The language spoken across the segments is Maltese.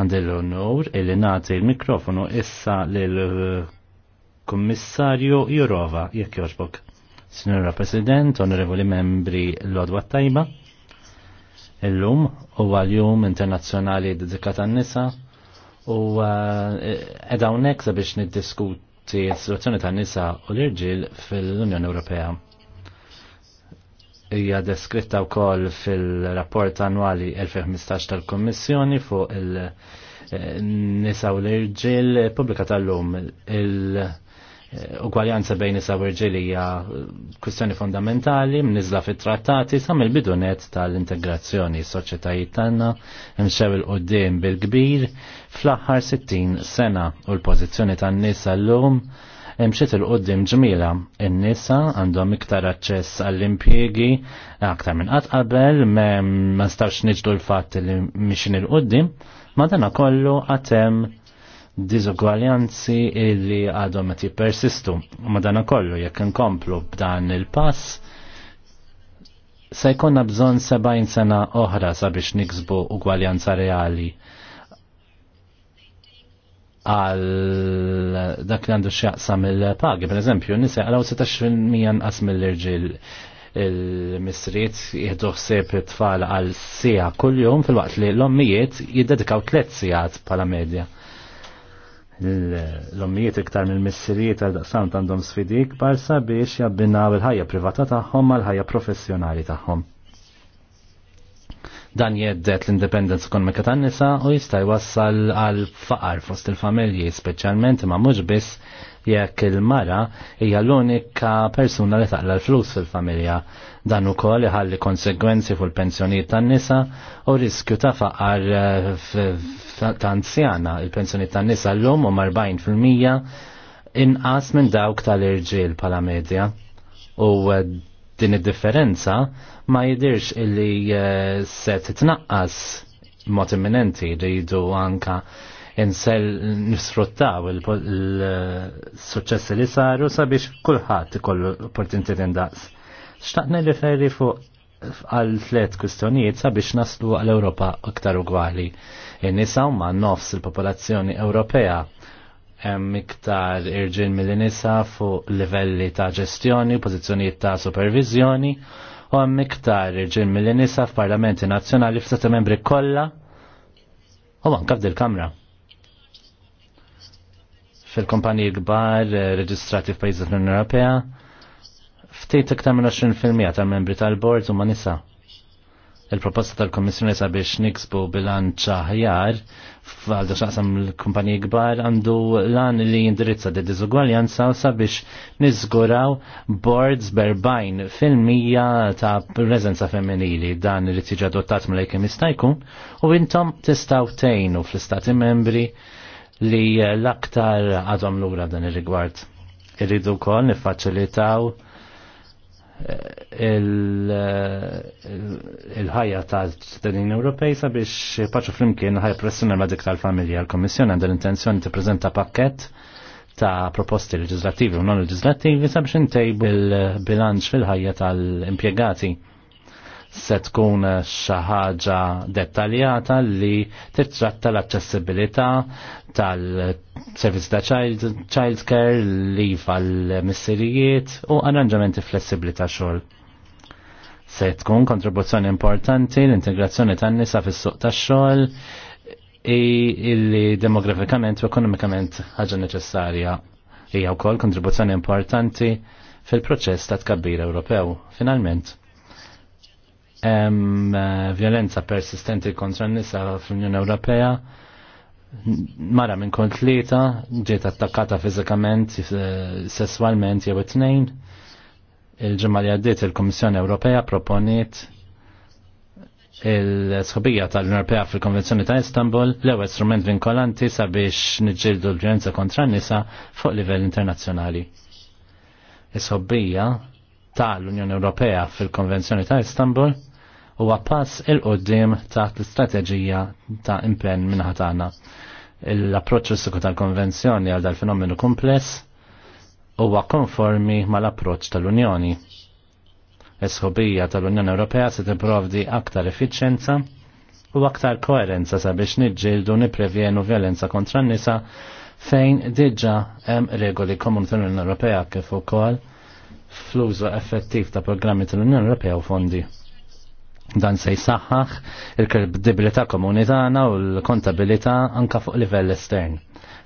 Għandil l-onur illi nagħti l-mikrofonu issa lill-Kummissarju eh, Jurova jekk jogħġbok. Signora President, onorevoli membri l-Odwa Tajba, illum u l-Jum Internazzjonali dedikat għan-nisa u eh, edha hawnhekk sabiex niddiskuti s situazzjoni tan-nisa u l-irġiel fil-Unjoni Ewropea hija deskritta wkoll fil-rapport annwali 2015 tal-Kommissjoni fuq il-nisa eh, u l-irġiel eh, pubblika tal-lum il-ugwaljanza eh, bejn nisa u l irġil hija kwistjoni fondamentali mniżla fit-trattati sam il-bidunet tal-integrazzjoni soċjetajiet tagħna imxew il-qudiem bil-kbir fl-aħħar 60 sena u l-pożizzjoni tan-nisa l lum imxiet il-qoddim ġmila. In-nisa għandhom iktar aċċess għall impiegi aktar minn qatt qabel, ma stawx niġdu l-fatt li mixin il-qoddim, ma dana kollu għatem diżugwaljanzi illi għadhom qed jippersistu. Ma dana kollu jekk inkomplu b'dan il-pass, se jkunna bżonn 70 sena oħra sabiex niksbu ugwaljanza reali għal dak li għandu xjaqsa mill-pagi. Per eżempju, nisa għalaw 16% nqas mill-irġil il-misriet jihdu ħsieb it-tfal għal sija kull-jum fil-waqt li l-ommijiet jiddedikaw tliet sijat pala medja. L-ommijiet iktar mill-misriet għal daqsam għandhom sfidi kbar sabiex jabbinaw il-ħajja privata tagħhom għal ħajja professjonali tagħhom. Dan jeddet l-indipendenza ekonomika tan-nisa u jista' jwassal għal faqar fost il-familji, speċjalment ma mhux biss jekk il-mara hija l-unika persuna li taqla l-flus fil-familja. Dan ukoll iħalli konsegwenzi fuq il-pensjonijiet tan-nisa u riskju ta' faqar eh, ta' anzjana. Il-pensjonijiet tan-nisa llum fil 40% inqas minn dawk tal-irġiel bħala medja. U eh, din id-differenza ma jidirx illi eh, se titnaqqas mod imminenti li jidu anka insel nisfruttaw il-successi li saru sabiex kulħadd ikollu opportunità indaqs. Xtaqna nirriferi fuq għal tliet kwistjonijiet sabiex naslu għal Ewropa aktar ugwali. In-nisa huma nofs il-popolazzjoni Ewropea hemm iktar irġin mill-nisa fuq livelli ta' ġestjoni, pożizzjonijiet ta' supervizjoni u hemm iktar irġin mill-nisa f'Parlamenti Nazzjonali f'seta' Membri kollha u anke f'dil-Kamra. Fil-kumpaniji kbar eh, reġistrati f'pajjiżi fl-Unjoni Ewropea, ftit iktar minn 20% tal-membri tal-bord huma nisa. Il-proposta tal-Kommissjoni sabiex niksbu bilanċ aħjar f'għaldu xaqsam l-kumpaniji gbar għandu lan li jindirizza di diżugwaljanza sabiex nizguraw boards berbajn fil-mija ta' prezenza femminili dan li tiġi adottat mill-ekim jistajkun u intom tistaw tejnu fl-istati membri li l-aktar għadhom lura dan ir-rigward. Irridu kol nifaċilitaw il-ħajja ta' ċittadini Ewropej sabiex paċu flimkien ħaj pressjoni ma' dik tal-familja. l komissjoni għandha l-intenzjoni tippreżenta pakkett ta' proposti leġislattivi u non leġislattivi sabiex intejbu il-bilanċ fil-ħajja tal-impjegati se tkun xi ħaġa dettaljata li titratta l-aċċessibilità tal-servizz ta' child, child care, li għal-missirijiet u arranġamenti flessibli ta' xogħol. Se tkun kontribuzzjoni importanti l-integrazzjoni tan nisa fis-suq ta' xogħol illi demografikament u ekonomikament ħaġa neċessarja hija wkoll kontribuzzjoni importanti fil-proċess ta' tkabbir Ewropew. Finalment, hemm eh, violenza persistenti kontra n-nisa fl-Unjoni Ewropea mara minn kont tlieta ġiet attakkata fiżikament, eh, sesswalment jew it-tnejn. Il-ġimgħa li għaddiet il-Kummissjoni Ewropea proponiet il-sħobija tal-Unjoni Ewropea fil-Konvenzjoni ta' Istanbul l-ewwel strument vinkolanti sabiex niġġieldu l-vjolenza kontra n-nisa fuq livell internazzjonali. Is-sħobija tal-Unjoni Ewropea fil-Konvenzjoni ta' Istanbul huwa pass il-qoddim taħt l-istrateġija ta' impenn minnaħat ħatana L-approċċ rissiku tal-konvenzjoni għal dal-fenomenu kumpless huwa konformi mal-approċċ tal-Unjoni. Esħobija tal-Unjoni Ewropea se tipprovdi aktar effiċjenza u aktar koerenza sabiex niġġieldu niprevjenu violenza kontra n-nisa fejn diġa hemm regoli komuni tal-Unjoni Ewropea kif ukoll fl-użu effettiv ta' programmi tal-Unjoni Ewropea u fondi. Dan se jsaħħaħ il-kredibilità komunitana u l-kontabilità anka fuq livell estern.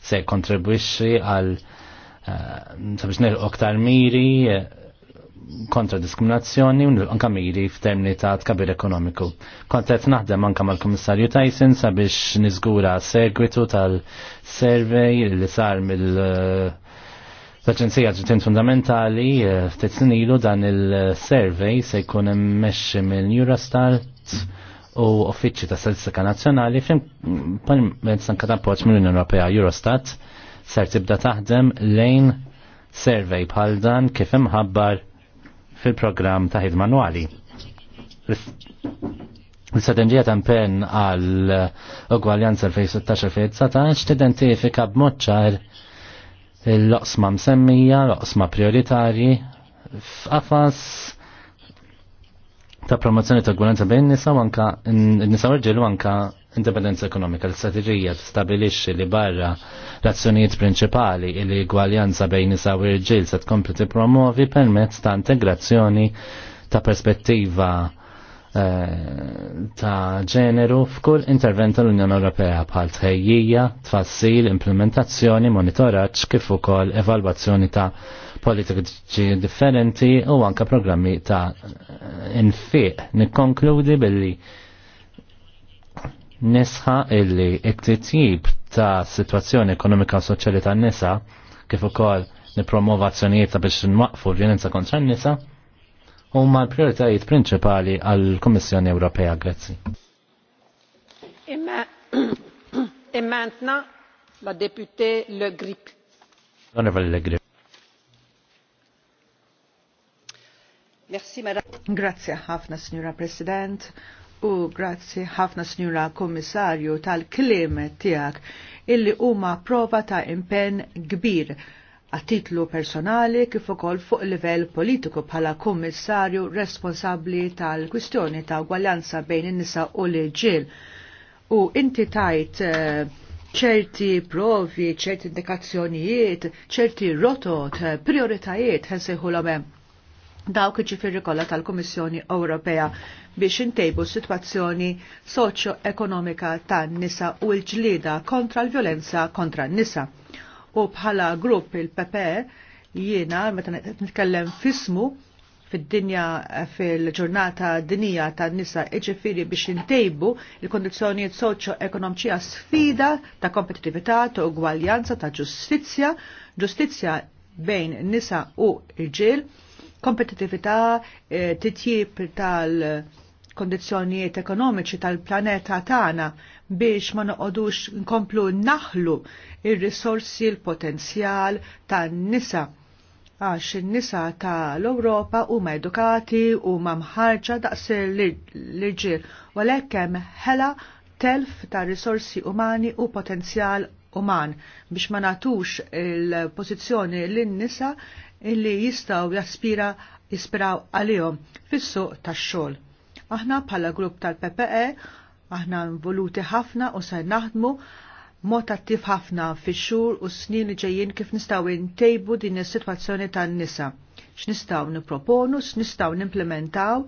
Se kontribwixi għal eh, sabiex nilqu aktar miri eh, kontra diskriminazzjoni u anka miri f'termini ta' tkabir ekonomiku. Kont naħdem anka mal-Kummissarju Tyson sabiex niżgura segwitu tal-survey li sar mill- uh, L-Aġenzija ġitin fundamentali eh, ftit ilu dan il-survey se jkun immexxi minn Eurostart u uffiċċju ta' Statistika Nazzjonali fejn permezz anke appoġġ mill-Unjoni Ewropea Eurostat ser tibda taħdem lejn survey bħal dan kif imħabbar fil-programm ta' ħid manwali. l strategija ta' impenn għal ugwaljanza 2016-2019 tidentifika b'mod ċar l-oqsma msemmija, l-oqsma prioritarji, f'qafas ta' promozzjoni ta' gwaranza bejn nisa u anka nisa u anka indipendenza ekonomika. L-istrateġija stabilixxi li barra l prinċipali li gwaljanza bejn nisa u irġiel se tkompli tippromovi permezz ta' integrazzjoni ta' perspettiva Eh, ta' ġeneru f'kull intervent tal-Unjoni Ewropea bħal tħejjija, tfassil, implementazzjoni, monitoraġġ kif ukoll evalwazzjoni ta' politiċi differenti u anka programmi ta' infiq. Nikkonkludi billi nisħa illi it-titjib ta' situazzjoni ekonomika u soċjali tan-nisa kif ukoll nipromovazzjonijiet ta' biex nwaqfu l-vjolenza kontra n-nisa huma l-prioritajiet prinċipali għall kummissjoni Ewropea. Grazzi. E la Deputé Le Grip. Onorevole Le Grip. Merci, madame. Grazie ħafna, signora President, u grazie ħafna, signora Kommissarju, tal-klim tijak illi huma prova ta' impenn kbir a titlu personali kif ukoll fuq livell politiku bħala kummissarju responsabbli tal-kwistjoni ta' gwaljanza bejn in-nisa u l-ġil. U inti tajt eh, ċerti provi, ċerti indikazzjonijiet, ċerti rotot, eh, prioritajiet ħensiħu l-omem dawk ġifiri kollha tal-Kummissjoni Ewropea biex intejbu situazzjoni soċjo-ekonomika tan-nisa u l-ġlida kontra l-violenza kontra n-nisa u bħala grupp il pepe jiena meta nitkellem fismu fid-dinja fil-ġurnata dinija tan nisa iġifiri biex intejbu il-kondizjonijiet soċjo-ekonomċija sfida ta' kompetitività, ta' ugwaljanza, ta' ġustizzja, ġustizzja bejn nisa u irġiel, kompetitività, eh, titjib tal- kondizzjonijiet ekonomiċi tal-planeta tagħna biex ma noqodux nkomplu naħlu ir-risorsi l-potenzjal tan-nisa għax in-nisa tal-Ewropa huma edukati huma mħarġa daqs l-irġiel u għalhekk hemm ħela telf ta' risorsi umani u potenzjal uman biex ma natux il-pożizzjoni lin-nisa illi jistgħu jaspira jispiraw għalihom fis-suq tax-xogħol. Aħna bħala grupp tal-PPE, aħna involuti ħafna u se naħdmu mod attiv ħafna fix-xhur u snin li ġejjin kif nistgħu ntejbu din is-sitwazzjoni tan-nisa. X'nistgħu nipproponu, x'nistgħu nimplementaw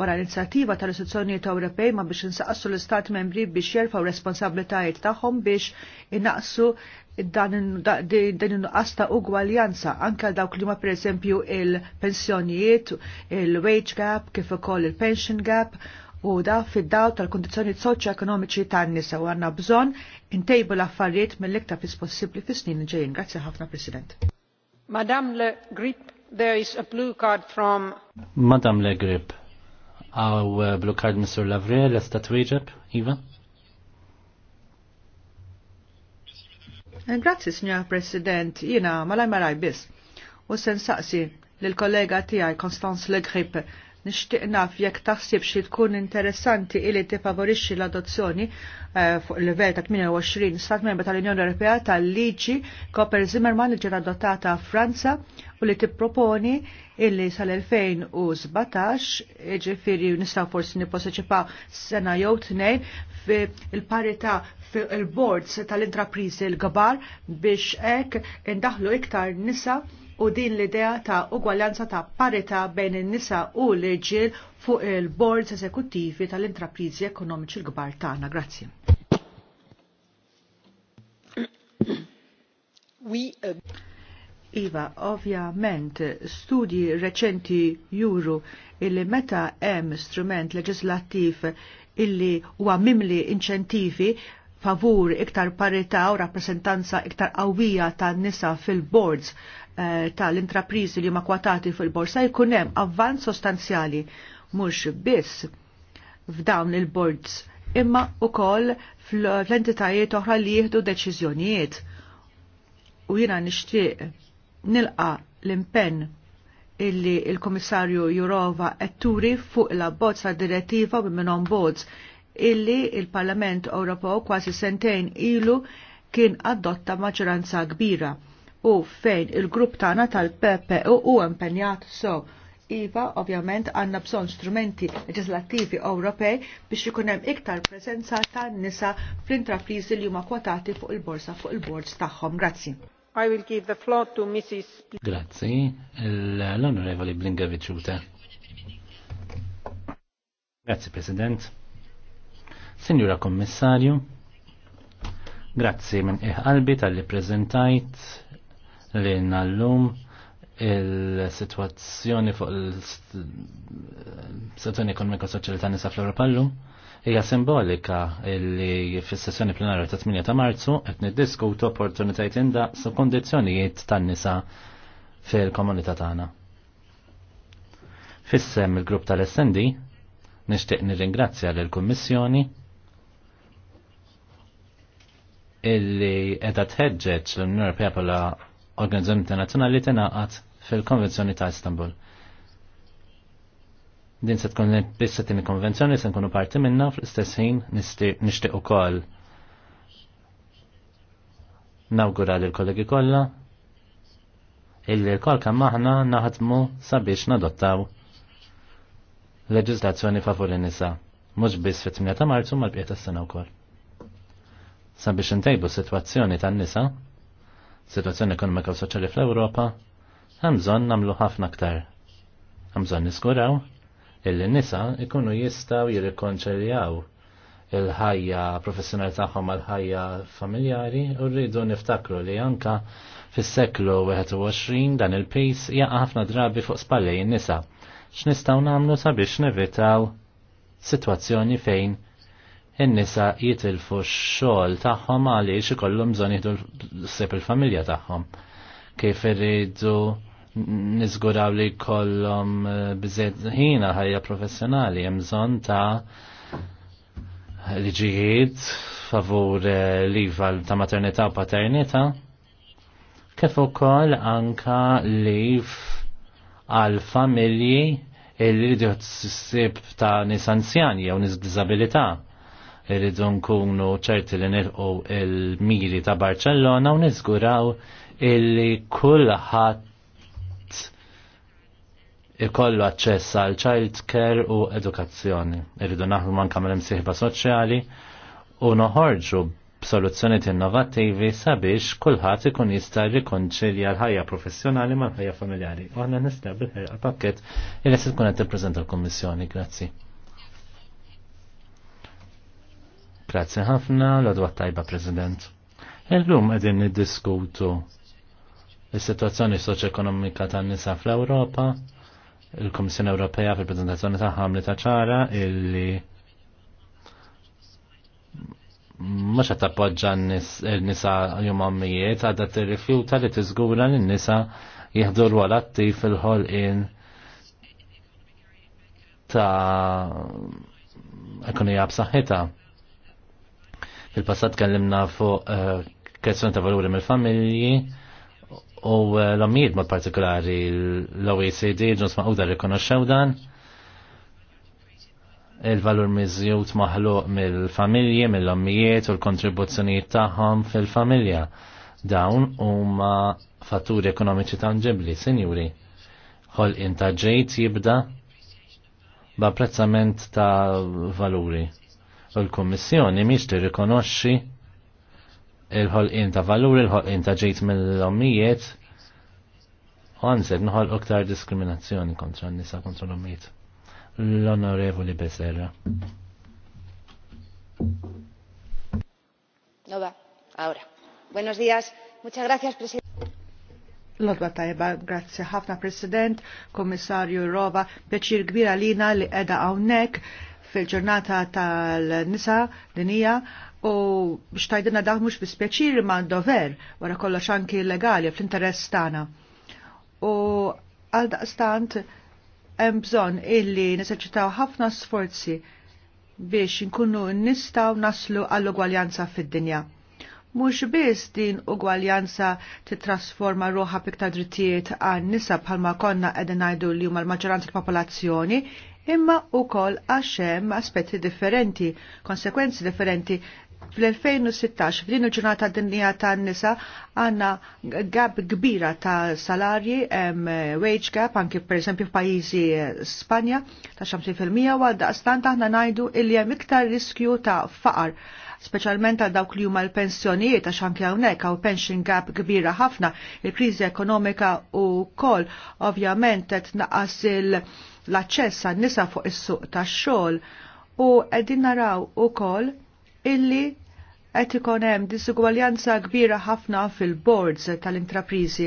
wara l-inizjattiva tal-istituzzjonijiet Ewropej ma biex insaqsu l-Istat membri biex jerfaw responsabbiltajiet tagħhom biex innaqsu dan il-nuqqas ta' ugwaljanza anke dawk li ma per eżempju il pensionijiet il-wage gap, kif ukoll il-pension gap, u da fid-daw tal-kondizjoni soċjo-ekonomiċi tan-nisa u għanna bżonn intejbu l-affarijiet mill-iktar fis possibbli fis-snin ġejjin. Grazzi ħafna President. Madam Le Grip, there is a blue card from Madam Le Grip. our eh, blue card Mr. Lavrie, l-esta twieġeb, Iva? Eh, grazzi, signor President, jina malaj maraj bis. U sen saqsi l-kollega tijaj Konstanz Legrip nishtiq naf jekk taħsib xi tkun interessanti ili favorixi l-adozzjoni eh, fuq il level ta' 28 stat membri tal-Unjoni Ewropea tal-liġi Koper Zimmerman li ġiet adottata Franza u li tipproponi illi sal-2017 ġifiri nistgħu forsi nipposeċipa sena jew tnejn il parità fil-boards tal-intraprizi l-gabar biex ek indaħlu iktar nisa u din l-idea ta' ugwaljanza ta' parità bejn in-nisa u l-irġiel fuq il-boards eżekuttivi tal-intraprizi ekonomiċi l-gbar tagħna. Grazzi. Euh. Iva, ovvjament, studji reċenti juru il meta hemm strument leġislattiv illi huwa mimli inċentivi favur iktar parità u rappresentanza iktar qawwija tan nisa fil-boards eh, tal-intrapriżi li ma kwatati fil-borsa jkun hemm avvanz sostanzjali mhux biss f'dawn il-boards imma wkoll fl-entitajiet oħra li jieħdu deċiżjonijiet. U jiena nixtieq nilqa l-impenn illi il-Komissarju Jurova etturi fuq la bozza direttiva Women on bozz illi il-Parlament Ewropew kważi sentejn ilu kien adotta maġranza kbira u fejn il-grupp tagħna tal-Pepe u impenjat so. Iva, ovvjament, għanna bżon strumenti leġislattivi Ewropej biex ikun hemm iktar prezenza tan nisa fl-intrapriżi li huma kwotati fuq il-borsa fuq il-bords tagħhom. Grazzi. I will give the floor to Mrs. Grazzi, l-Onorevoli Blinga Viċuta. Grazzi, President. Signora Kommissarju, grazie minn eħalbi tal-li prezentajt li nallum il-situazzjoni fuq il-situazzjoni ekonomika soċjali tan nisa fl-Europa l-lum hija simbolika li fis-sessjoni plenarja ta' 8 ta' Marzu qed niddiskutu opportunitajiet inda su kondizzjonijiet tan-nisa fil-komunità tagħna. Fissem il-grupp tal-SND nixtieq nirringrazzja lill kummissjoni illi qiegħda tħeġġeġ l-Unjoni Europea bħala Organizzazzjoni Internazzjonali tingħaqad fil-Konvenzjoni ta' Istanbul Din se tkun bissa tini konvenzjoni se nkunu parti minna fl-istess ħin nixtieq ukoll. Nawgura lil kollegi kollha illi l-kol kemm aħna naħdmu sabiex nadottaw leġislazzjoni favur nisa mhux biss fit-8 ta' Marzu mal-bqiet tas-sena wkoll. Sabiex intejbu sitwazzjoni tan-nisa, sitwazzjoni ekonomika u soċjali fl-Ewropa, hemm bżonn nagħmlu ħafna aktar. Hemm bżonn niskuraw il-nisa ikunu jistaw jirrikonċeljaw il-ħajja professjonali tagħhom għal ħajja familjari u rridu niftakru li anka fis-seklu 21 dan il-pejs jaqa' ħafna drabi fuq spallej in-nisa. X'nistgħu nagħmlu sabiex nevitaw sitwazzjoni fejn in-nisa jitilfu x-xogħol tagħhom għaliex ikollhom bżonn jieħdu sepp il-familja tagħhom. Kif irridu nizguraw li kollom eh, bizet ħina ħajja professjonali, jemżon ta' liġijiet favur eh, lival ta' maternita u paternità, kif ukoll anka li għal familji illi rridu s-sib ta' nis anzjani jew nis disabilità irridu nkunu ċerti li nilqu il-miri ta' Barcellona u nizguraw illi kullħat ikollu aċċess għal child care u edukazzjoni. Irridu naħdu manka mal-imsieħba soċjali u noħorġu b'soluzzjonijiet innovattivi sabiex kulħadd ikun jista' jikkonċilja l-ħajja professjonali mal-ħajja familjari. U aħna nistgħu bil-ħerqa pakkett se tkun qed tippreżenta l-Kummissjoni. Grazzi. Grazzi ħafna l-odwa tajba President. Illum qegħdin niddiskutu is-sitwazzjoni soċjoekonomika tan-nisa fl-Ewropa il-Komissjoni Ewropea fil-prezentazzjoni ta' ħamli ta' ċara illi mhux qed tappoġġa n-nisa jum għammijiet għadha tirrifjuta li tiżgura li n-nisa jieħdu rwol attiv fil-ħolqien ta' ekonomija b'saħħitha. Fil-passat kellimna fuq eh, kwestjoni ta' valuri mill-familji, u eh, l-ommijiet mod partikolari l-OECD ġus maqda rikonoxxew dan il-valur miżjut maħluq mill-familji, mill-ommijiet u l-kontribuzzjonijiet tagħhom fil-familja. Dawn huma fatturi ekonomiċi tangibbli, sinjuri. Ħol ta' ġejt jibda b'apprezzament ta' valuri. U l-Kummissjoni miex tirrikonoxxi il-ħolqin ta' valur, il-ħolqin ta' ġejt mill-ommijiet, u nħol uktar diskriminazzjoni kontra n-nisa kontra l-ommijiet. L-onorevoli Beserra. Nova, ahora. Buenos días, muchas gracias, presidente. l tajba, grazzi ħafna President, Komissarju Rova, peċir gbira lina li edha għawnek fil-ġurnata tal-nisa dinija u biex tajdina daħ mux bispieċir ma dover wara kollox anki legali fl-interess tagħna. U għal daqstant hemm bżonn illi neseċitaw ħafna sforzi biex nkunu nistaw naslu għall-ugwaljanza fid-dinja. Mhux biss din ugwaljanza titrasforma ruħa biktar drittijiet għan nisa bħalma konna qegħdin ngħidu li huma l-maġġoranza tal-popolazzjoni, imma u kol għaxem aspetti differenti, konsekwenzi differenti fl-2016 f'din il-ġurnata tad-dinja ta' nisa għanna gap kbira ta' salarji, wage gap, anki per esempio f'pajizi eh, Spanja ta' 50% u għaddaqstan għanna najdu il jem iktar riskju ta' faqar specialment għal dawk li huma l-pensjonijiet għax anke hawnhekk hawn pension gap kbira ħafna, il-kriżi ekonomika u koll ovvjament qed naqas l-aċċess għan-nisa fuq is-suq tax-xogħol u qegħdin naraw ukoll illi qed ikun hemm disugwaljanza kbira ħafna fil-boards tal-intraprizi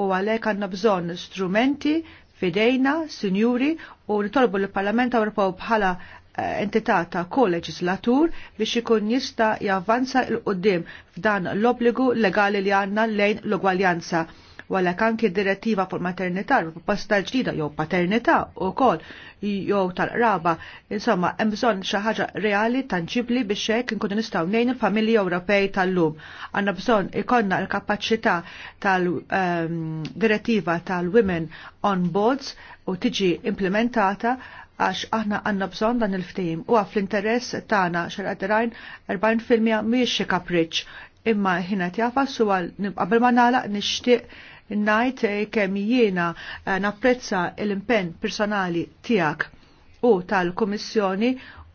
u għalhekk għandna bżonn strumenti fidejna, sinjuri u nitolbu l-Parlament Ewropew bħala eh, entità ta' koleġislatur biex ikun jista' javvanza l qudiem f'dan l-obbligu legali li għandna lejn l-ugwaljanza. Walla kanki direttiva fuq maternità, tal ġdida jew paternità wkoll jew tal-qraba, insomma hemm bżonn xi ħaġa reali tanġibli biex hekk inkunu nistgħu ngħin il-familji Ewropej tal-lum. Għandna bżonn ikonna l-kapaċità tal-direttiva ehm, tal-Women on Boards u tiġi implementata għax aħna għanna bżon dan il-ftim u għaf l-interess tagħna rajn 40% miex xi kapriċ imma ħina tjafa su għal qabel ma nalaq nixtieq najt eh, kemm jiena eh, napprezza l-impenn personali tiegħek u tal-Kummissjoni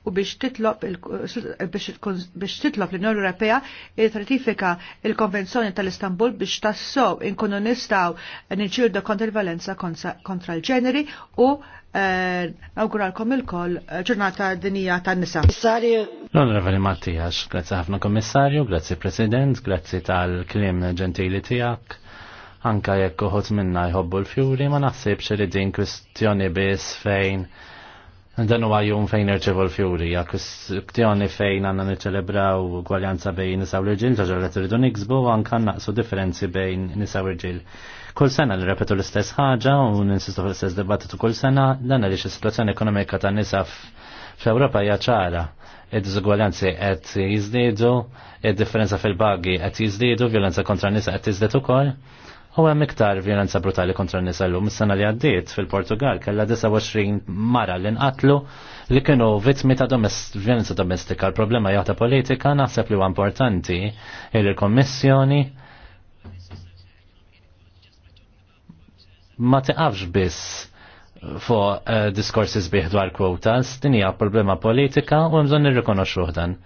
u biex titlob l-Unjoni Ewropea ratifika il-Konvenzjoni tal-Istanbul biex tassow inkunu nistaw niġġieldu kontra il valenza kontra l-ġeneri u eh, nawguralkom il-koll ġurnata dinija tan-nisa. L-Onorevoli Mattias, grazie ħafna Kommissarju, grazie President, grazzi tal-klim ġentili tiegħek Anka jekk uħut minna jħobbu l-fjuri ma naħsibx li din kwistjoni biss fejn dan huwa jum fejn irċevu l-fjuri, ja kwistjoni fejn għandna niċċelebraw gwaljanza bejn nisa u l-irġil, ta' ġurret irridu niksbu anka naqsu differenzi bejn nisa u l-irġil. Kull sena li repetu l-istess ħaġa u ninsistu fl-istess dibattitu kull sena, dan għaliex is-sitwazzjoni ekonomika ta' nisa f'Ewropa hija ċara id-dizugwaljanzi qed jiżdiedu, id-differenza fil-bagi qed jiżdiedu, violenza kontra nisa qed jiżdied ukoll. U hemm iktar violenza brutali kontra n-nisa l Is-sena li għaddiet fil-Portugal kellha 29 mara li nqatlu li kienu vittmi ta' violenza domestika. Il-problema jgħata politika naħseb li huwa importanti il kommissjoni ma tiqafx biss fuq uh, sbieħ dwar kwotas, din hija problema politika u mżon nirrikonoxxuh dan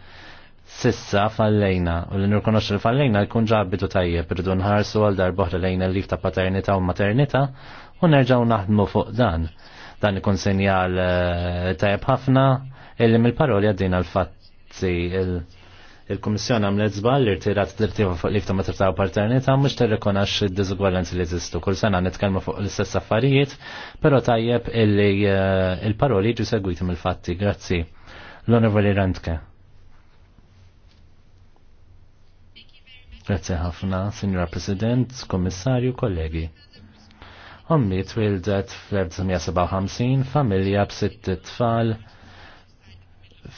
sissa fallejna u li nirkonox li fallejna jkun ġabbitu tajjeb irridu nħarsu għal darbohra lejn il-lif ta' paternita u maternità u nerġgħu naħdmu fuq dan. Dan ikun sinjal eh, tajjeb ħafna illi mill-paroli għaddina l-fatti il-Kummissjoni għamlet żball li rtirat d-dirtiva fuq lif ta' maternità u paternita, mhux tirrikonaxxi id dizugwallanzi li zistu. Kull sena nitkellmu fuq l-istess affarijiet, però tajjeb illi eh, il-paroli jiġu segwiti mill-fatti. Grazzi. L-Onorevoli Grazie ħafna, Signora President, Kommissarju, kollegi. Ommi twildet fl-1957 familja b tfal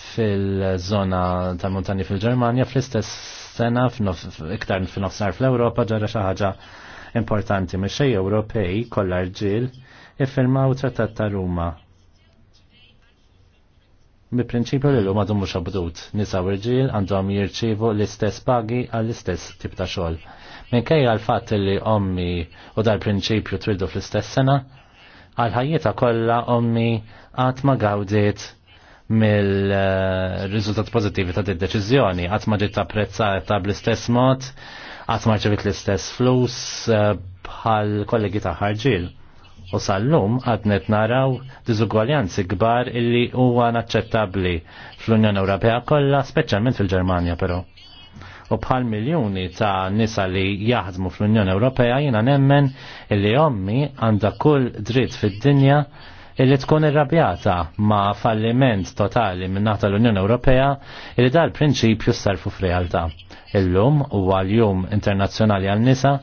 fil-zona tal-montani fil-Germania fl-istess sena iktar fil-nofsar fl-Europa ġara xi ħaġa importanti xej Ewropej kollha rġiel iffirmaw trattat ta' Ruma bi prinċipju li l-lum għadu mux abdut. Nisa u rġil għandhom jirċivu l-istess pagi għall-istess tip ta' xogħol. Minkejja għal-fatt li ommi u dal-prinċipju twildu fl-istess sena, għal ħajjeta kollha ommi għat ma gawdiet mill-riżultat pozittivi ta' d-deċizjoni, għat ma ġiet apprezzata bl-istess mod, għat ma ġivit l-istess flus eh, bħal kollegi ta' ħarġil U sal-lum għadnet naraw diżugwaljanzi kbar illi huwa naċċettabbli fl-Unjoni Ewropea kollha, speċjalment fil-Ġermanja però. U bħal miljuni ta' nisa li jaħdmu fl-Unjoni Ewropea jiena nemmen illi ommi għandha kull dritt fid-dinja illi tkun irrabjata ma' falliment totali minn l-Unjoni Ewropea illi dal prinċipju sarfu f'realtà illum u għal-jum internazzjonali għal-nisa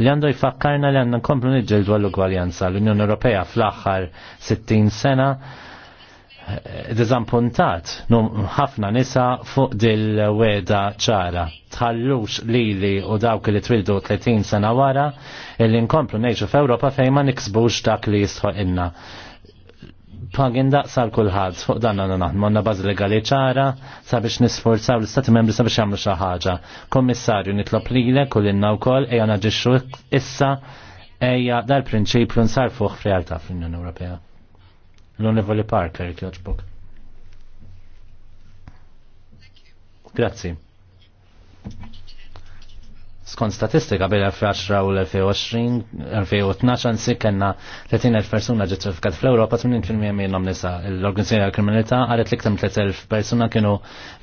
li għandu jfakkarna li għandu nkomplu nġildu għal ugwaljanza L-Unjoni Ewropea fl-axħar 60 sena eh, dizampuntat ħafna nisa fuq dil-weda ċara. Tħallux lili u dawk li twildu 30 sena wara il-li nkomplu neġu f'Ewropa fejn ma niksbux dak li jistħu inna pagin daqsa l-kulħadd fuq dan għandna naħdmu għandna bażi legali ċara sabiex nisforzaw l-Istati Membri sabiex jagħmlu xi ħaġa. Kommissarju nitlob lilek u koll, wkoll ejja naġixxu issa ejja dal-prinċipju nsarfuh f'realtà fl-Unjoni Ewropea. L-Onorevoli Parker jogħġbok. Grazzi skont statistika bil-2010 u l-2020-2012 ansi kena 30.000 persuna ġitrifikat fl-Europa 80% minnhom nisa. L-Organizzazzjoni għal kriminalità qalet li ktem 3.000 persuna kienu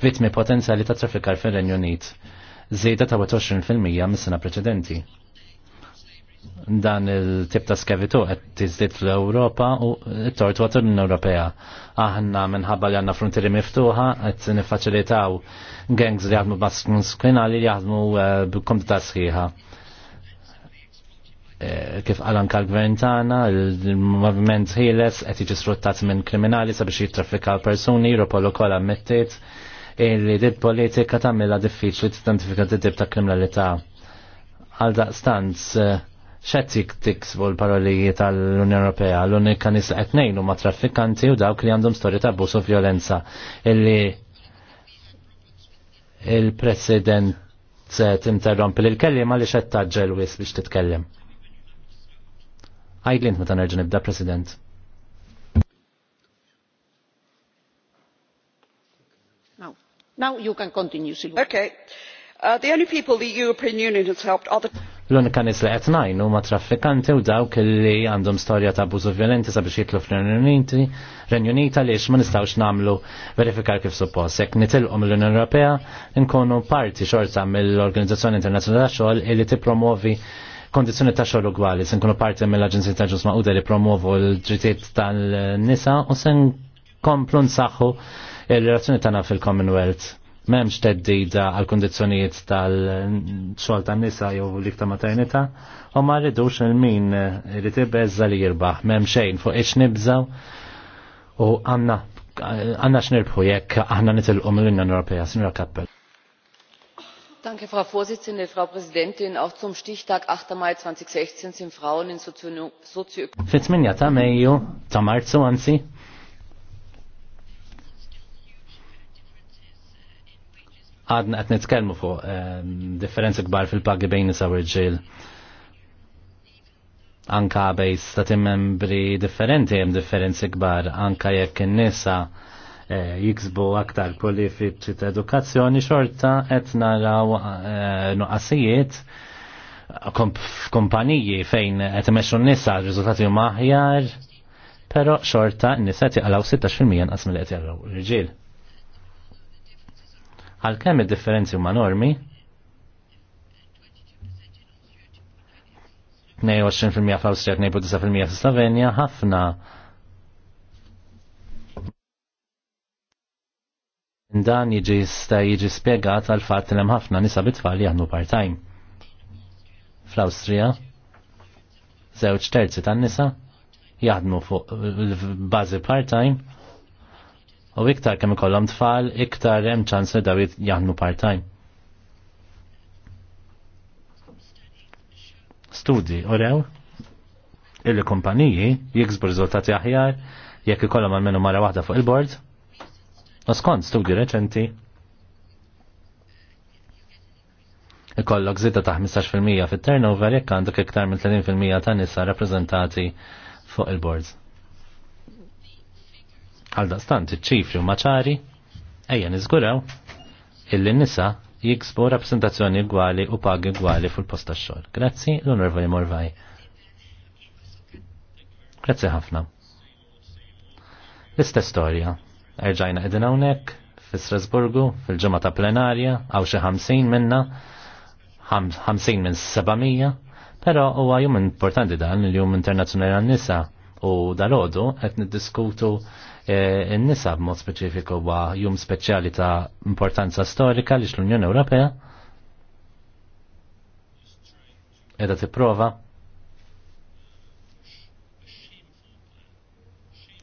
vittmi potenzjali ta' traffikar fil-Renju Unit. Zejda ta' 20% mis-sena preċedenti dan il-tip ta' skavitu qed tizdit fl-Ewropa u t-tort għatur l europea Ewropea. Aħna minħabba li għandna frontieri miftuħa qed niffaċilitaw gangs li jaħdmu bas skina li jaħdmu eh, ta' sħiħa. Eh, kif għalan kal l-gvern tagħna, il-moviment ħieles qed jiġi sruttat minn kriminali sabiex jittraffika persuni, Europol ukoll il li dit politika tagħmilha diffiċli t-identifika t tip ta' kriminalità. Għal daqstanz, uh, eh, xetzik tiksbu l-parolijiet tal-Unjoni Ewropea, l-unika nis etnejn u ma traffikanti u dawk li għandhom storja ta' abus u violenza illi il-president timterrompi il l-kellima li xed taġġel wis biex titkellem. Għajlint meta nerġa' ibda, President. Now, now you can continue, Silvia. Okay. Uh, the only people the European Union has helped are the L-unika nis li qed ma' traffikanti u dawk li għandhom storja ta' abużu violenti sabiex jitlu fl-Unjoni Renjunita li ma nistgħux nagħmlu verifikar kif suppost. Jekk nitilqu mill-Unjoni Ewropea nkunu parti xorta mill-Organizzazzjoni Internazzjonali ta' xogħol li tippromovi kondizjoni ta' xogħol ugwali, se nkunu parti mill-Aġenzija ta' Ġus Maquda li promovu l-drittijiet tal-nisa u se nkomplu nsaħħu il-relazzjoni tagħna fil-Commonwealth memx teddida għal kondizjonijiet tal-xol tan nisa jew lik ta' maternita, u ma rridux il-min li tibbeżza li jirbaħ, memx xejn fuq iċ nibżaw u għanna għanna xnirbħu jekk aħna nitilqu mill-Unjoni Ewropea, Sinra Kappel. Danke, Frau Vorsitzende, Frau Präsidentin. Auch zum Stichtag 8. Mai 2016 sind Frauen in sozio... Fitzminja, 8 ta' Mejju, ta' Marzu, anzi, għadna qed nitkellmu fuq ehm, differenzi kbar fil-pagi bejn nisa u rġil. Anka bej statim membri differenti hemm differenzi kbar, anka jekk in-nisa eh, jiksbu aktar kwalifiċi ta' edukazzjoni xorta qed naraw eh, nuqasijiet f'kumpaniji fejn qed imexxu nisa rizultati riżultati huma aħjar, però xorta nisa tiqalaw 16% għasmi li qed jarraw ir Għalkemm id-differenzi huma normi, 22% fl-Awstrija, 2.9% fl-Slovenja, ħafna dan jiġi sta jiġi spiegat għal fatt li hemm ħafna nisa bitfall jaħdmu part-time. Fl-Awstrija, żewġ terzi tan-nisa jaħdmu fuq bażi part-time u iktar kemm ikollhom tfal, iktar hemm ċans li dawit jaħdmu part-time. Studi, u rew, il-kumpaniji jiksbu riżultati aħjar jekk ikollhom almenu mara waħda fuq il-bord. U skont studju reċenti ikollok zidda ta' 15% fit-turnover jekk għandek iktar minn 30% ta' nisa rappreżentati fuq il-boards. Għal daqstant iċ-ċifri u maċari, ejja niżguraw illi nisa jiksbu rappresentazzjoni gwali u pagi gwali fil-posta xogħol. Grazzi l-Onorevoli Morvaj. Grazzi ħafna. L-istess storja. Erġajna qegħdin hawnhekk fi Strasburgu fil-ġimgħa ta' plenarja għaw xi ħamsin minna 50 minn 700, pero huwa jum importanti dan il-jum internazzjonali għan-nisa u dal-għodu qed niddiskutu Eh, n-nisa b'mod speċifiku huwa jum speċjali ta' importanza storika li l-Unjoni Ewropea edha tipprova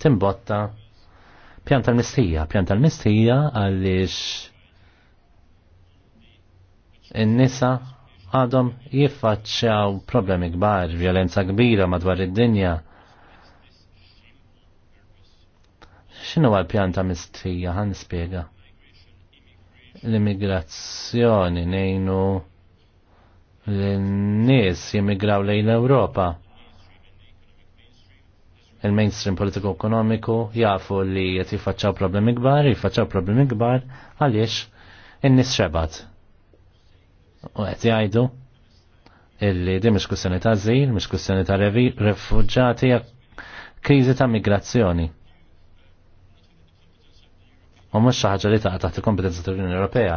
timbotta pjanta l mistija Pjanta tal-mistija għaliex in-nisa għadhom jiffaċċjaw problemi kbar, violenza kbira madwar id-dinja, xinu għal-pjan ta' mistija ħan nispjega. L-immigrazzjoni nejnu l-nies jimmigraw lejn l-Ewropa. Il-mainstream politiku ekonomiku jafu li qed jiffaċċaw problemi kbar, jiffaċċaw problemi kbar għaliex in-nies xebat. U qed jgħidu illi di mish kussjoni ta' żil, mhix kussjoni ta' refuġġati, kriżi ta' migrazzjoni u mhux xi ħaġa li taqa' taħt il-kompetenza tal-Unjoni Ewropea.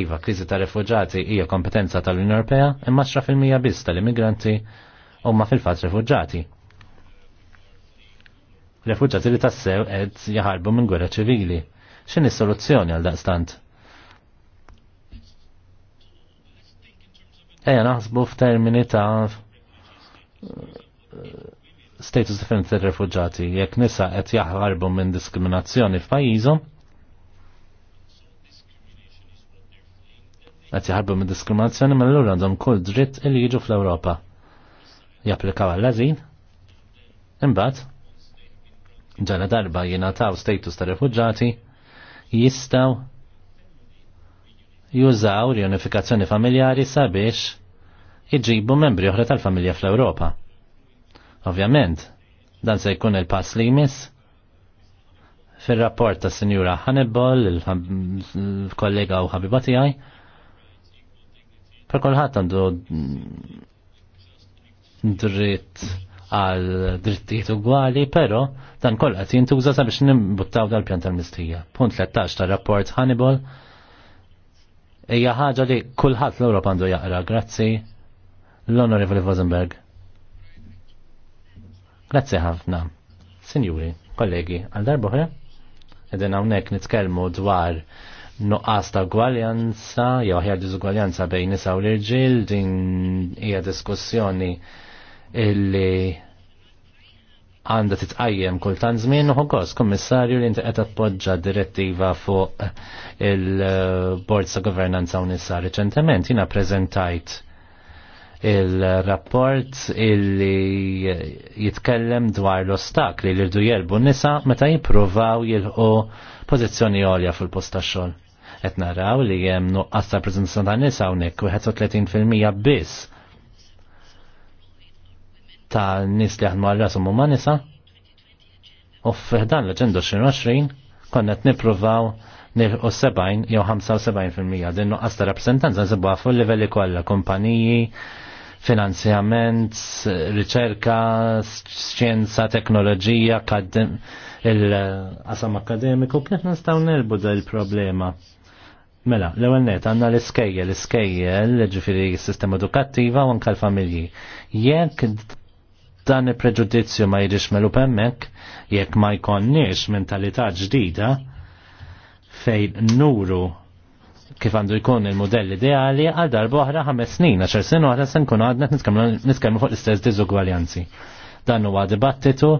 Iva, kriżi ta' refuġati hija kompetenza tal-Unjoni Ewropea imma xra fil-mija biss tal-immigranti huma fil-fatt refuġati. Refuġati li tassew qed jaħarbu minn gwerra ċivili. X'inhi s-soluzzjoni għal daqstant? Eja naħsbu f'termini ta' status differenti tal-refugġati, jekk nisa qed jaħarbu minn diskriminazzjoni f'pajjiżhom, qed jaħarbu minn diskriminazzjoni mill lura għandhom kull dritt li jiġu fl-Ewropa. Japplikaw għal lazin imbagħad ġala darba jingħataw status ta' refugġati, jistgħu jużaw riunifikazzjoni familjari sabiex iġibu membri oħra tal-familja fl-Ewropa. Ovvjament, dan se jkun il-pass li jmiss fil-rapport ta' Sinjura Hannibal, il-kollega u ħabibati tiegħi, Per kulħadd għandu dritt għal drittijiet ugwali, pero dan koll qed jintuża sabiex nimbuttaw dal-pjan tal-mistija. Punt 13 tar-rapport Hannibal hija ħaġa li kulħadd l-Ewropa għandu jaqra. Grazzi l-Onorevoli Vosenberg. Grazzi ħafna. Sinjuri, kollegi, għal darba ħra? Edin hawnhekk nitkellmu dwar nuqqas ta' gwaljanza, jew ħja diżugwaljanza bejn nisa u l-irġiel, din hija diskussjoni illi għanda titqajjem kultant żmien u ħoggos kummissarju li inti qed appoġġa direttiva fuq il-Bord ta' Governanza u nisa reċentement jiena preżentajt il-rapport illi jitkellem dwar l-ostakli li l-irdu jelbu nisa meta jipruvaw jilħu pozizjoni għolja fil posta tax-xogħol. Qed naraw li hemm nuqqas ta' preżenza ta' nisa hawnhekk u 30% biss ta' nis li għadmu għal-rasum u nisa u f'dan l-ġendu 20 konna t-niprovaw nilqu 70 jew 75% din nuqqas ta' rappresentanza nsibuha fuq livelli kollha kumpaniji, finanzjament, riċerka, xjenza, teknoloġija, il-qasam akademiku, kif nistaw nerbu da il-problema. Mela, l ewwel net, għanna l-iskejjel, l-iskejjel, ġifiri s-sistema edukattiva u anka l-familji. Jekk dan il-preġudizzju ma jiġix melu pemmek, jekk ma jkonniex mentalità ġdida, fejn nuru kif għandu jkun il-modell ideali għal darba oħra ħames snin, għaxar sen oħra se nkun għadna nitkellmu fuq l-istess diżugwaljanzi. Dan huwa dibattitu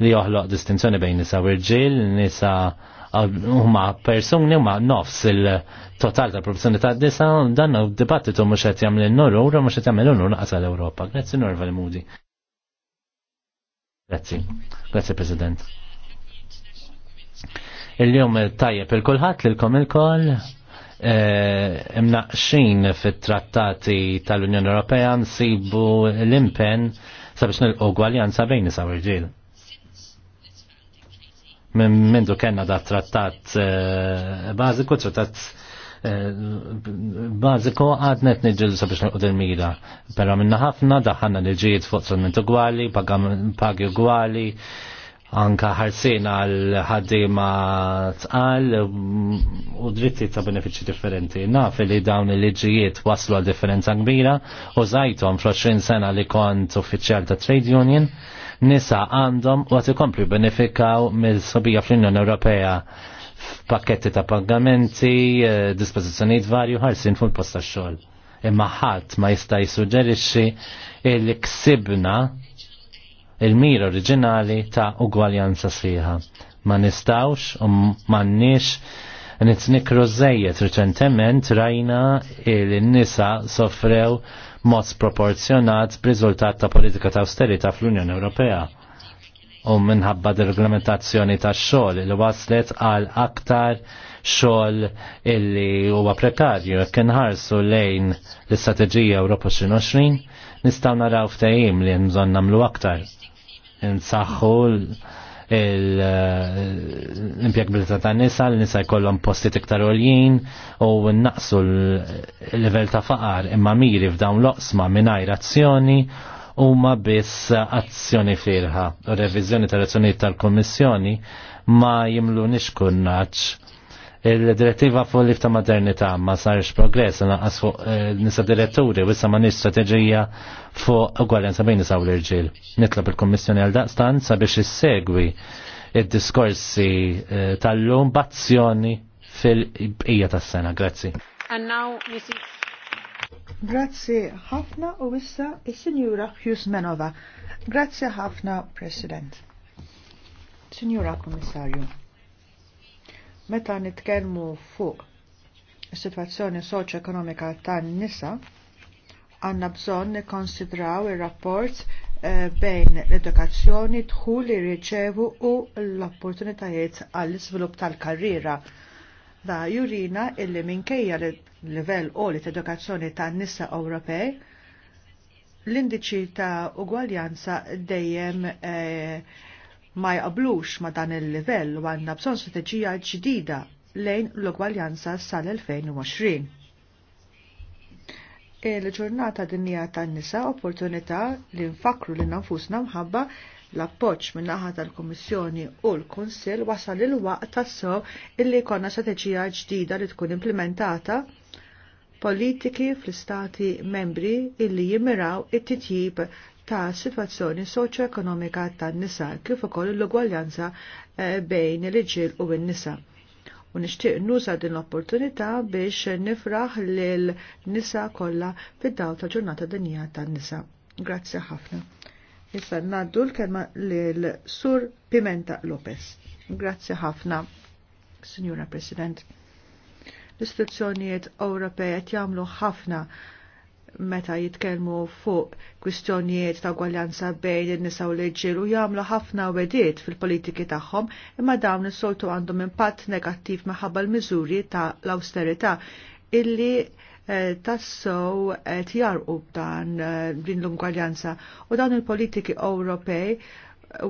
li joħloq distinzjoni bejn nisa u rġiel, nisa huma persuni huma nofs il-total ta' professjoni ta' disa, dan dibattitu mhux qed jagħmel in-nurur u mhux qed jagħmel in-nur naqas għall ewropa Grazzi Norva li mudi Grazzi. Grazzi President. Il-jum tajjeb il-kulħadd lilkom il-koll. il kulħadd lilkom il lilkom il koll imnaqxin eh, fit-trattati tal-Unjoni Ewropea nsibu l-impen sabiex nilqu gwaljanza bejn nisa irġiel. Minn mindu kena da trattat eh, bażiku, trattat eh, bażiku għadnet nġildu sabiex nilqu dil-mira. Pero minna ħafna daħanna l-ġiet fuq sulment ugwali, pagi ugwali, anka ħarsin għal ħaddima tqal mm, u dritti ta' benefiċi differenti. Naf li dawn il-liġijiet waslu għal differenza kbira u zajtom fl-20 sena li kont uffiċjal ta' trade union nisa għandhom u għat ikomplu benefikaw mill-sobija fl-Unjoni Ewropea f'pakketti ta' pagamenti, eh, dispożizzjonijiet varju ħarsin fuq il-posta xogħol. Imma ħadd ma jista' jissuġġerixxi il-ksibna il mir oriġinali ta' ugwaljanza sħiħa. Ma nistawx u um, mannix nitnikru zzejiet reċentement rajna il-nisa soffrew mod sproporzjonat b'riżultat ta' politika ta' austerita fl-Unjoni Ewropea u minħabba d-reglamentazzjoni ta' xogħol li waslet għal aktar xogħol illi huwa prekarju jekk inħarsu lejn l-istrateġija Ewropa 2020 nistgħu naraw ftehim li nżon nagħmlu aktar nsaħħu l-impjegabilità ta' nisa, l-nisa jkollhom posti iktar għoljien u naqsu l-level ta' faqar imma miri f'dawn l-oqsma mingħajr azzjoni huma biss azzjoni firħa u reviżjoni tal-azzjonijiet tal-Kummissjoni ma jimlu nix kunnaċ il-direttiva fuq l-ifta maternità ma sarx progress naqas fuq eh, nisa direttori u issa ma nix strateġija fuq ugwaljanza bejn nisa u l-irġiel. Nitlob il-Kommissjoni għal daqstan sabiex issegwi id-diskorsi eh, tal-lum b'azzjoni fil-bqija tas-sena. Grazzi. And now, Grazzi ħafna u issa il sinjura Hughes Grazzi ħafna, President. Signora Commissario. Meta nitkellmu fuq is-sitwazzjoni soċjoekonomika ekonomika tan-nisa, għandna bżonn nikkonsidraw ir-rapport eh, bejn l-edukazzjoni, dħul li riċevu u l-opportunitajiet għall-iżvilupp tal-karriera. Da jurina illi minkejja l-livell oli edukazzjoni tan nisa Ewropej, l-indiċi ta' ugwaljanza dejjem eh, ma jqablux ma dan il-livell u għandna bżonn strateġija ġdida lejn l ogwaljanza sal-2020. Il-ġurnata dinja tan-nisa opportunità li nfakru li nanfusna mħabba l-appoċ minnaħa tal-Komissjoni u l-Konsil wasal il-waqt tasso illi konna strateġija ġdida li tkun implementata politiki fl-istati membri illi jimmiraw it-titjib ta' situazzjoni soċjoekonomika tan-nisa kif ukoll l-ugwaljanza eh, bejn il-ġil u n-nisa. U nixtieq nuża din l-opportunità biex nifraħ lil nisa kollha fid-dawl ta' ġurnata dinja tan-nisa. Grazzi ħafna. Issa ngħaddu l-kelma lil Sur Pimenta Lopez. Grazzi ħafna, Signora President. L-istituzzjonijiet Ewropej qed jagħmlu ħafna meta jitkellmu fuq kwistjonijiet ta' gwaljanza bejn in-nisa u l-irġiel u jagħmlu ħafna wedid fil-politiki tagħhom, imma dawn is-soltu għandhom impatt negattiv meħabba l-miżuri ta' l-austerità illi eh, tassow qed jarqu dan eh, din l-ungwaljanza u dawn il-politiki Ewropej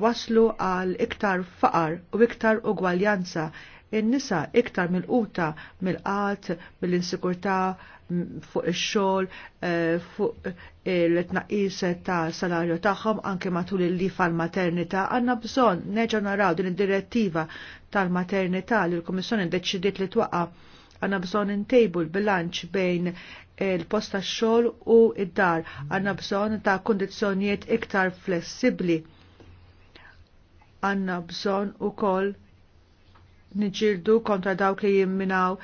waslu għal iktar faqar u iktar ugwaljanza in-nisa iktar mill-quta mill-qat, mill-insikurtà, fuq ix-xogħol, eh, fuq il tnaqis ta' salarju tagħhom anke matul il-lifa l-maternità għandna bżonn neġa' naraw din id-direttiva tal-maternità li l-Kummissjoni ddeċidiet li twaqa' għandna bżonn intejbu l-bilanċ bejn il posta xol xogħol u id-dar. Għandna bżonn ta' kundizzjonijiet iktar flessibbli. bżon bżonn ukoll niġildu kontra dawk li jimminaw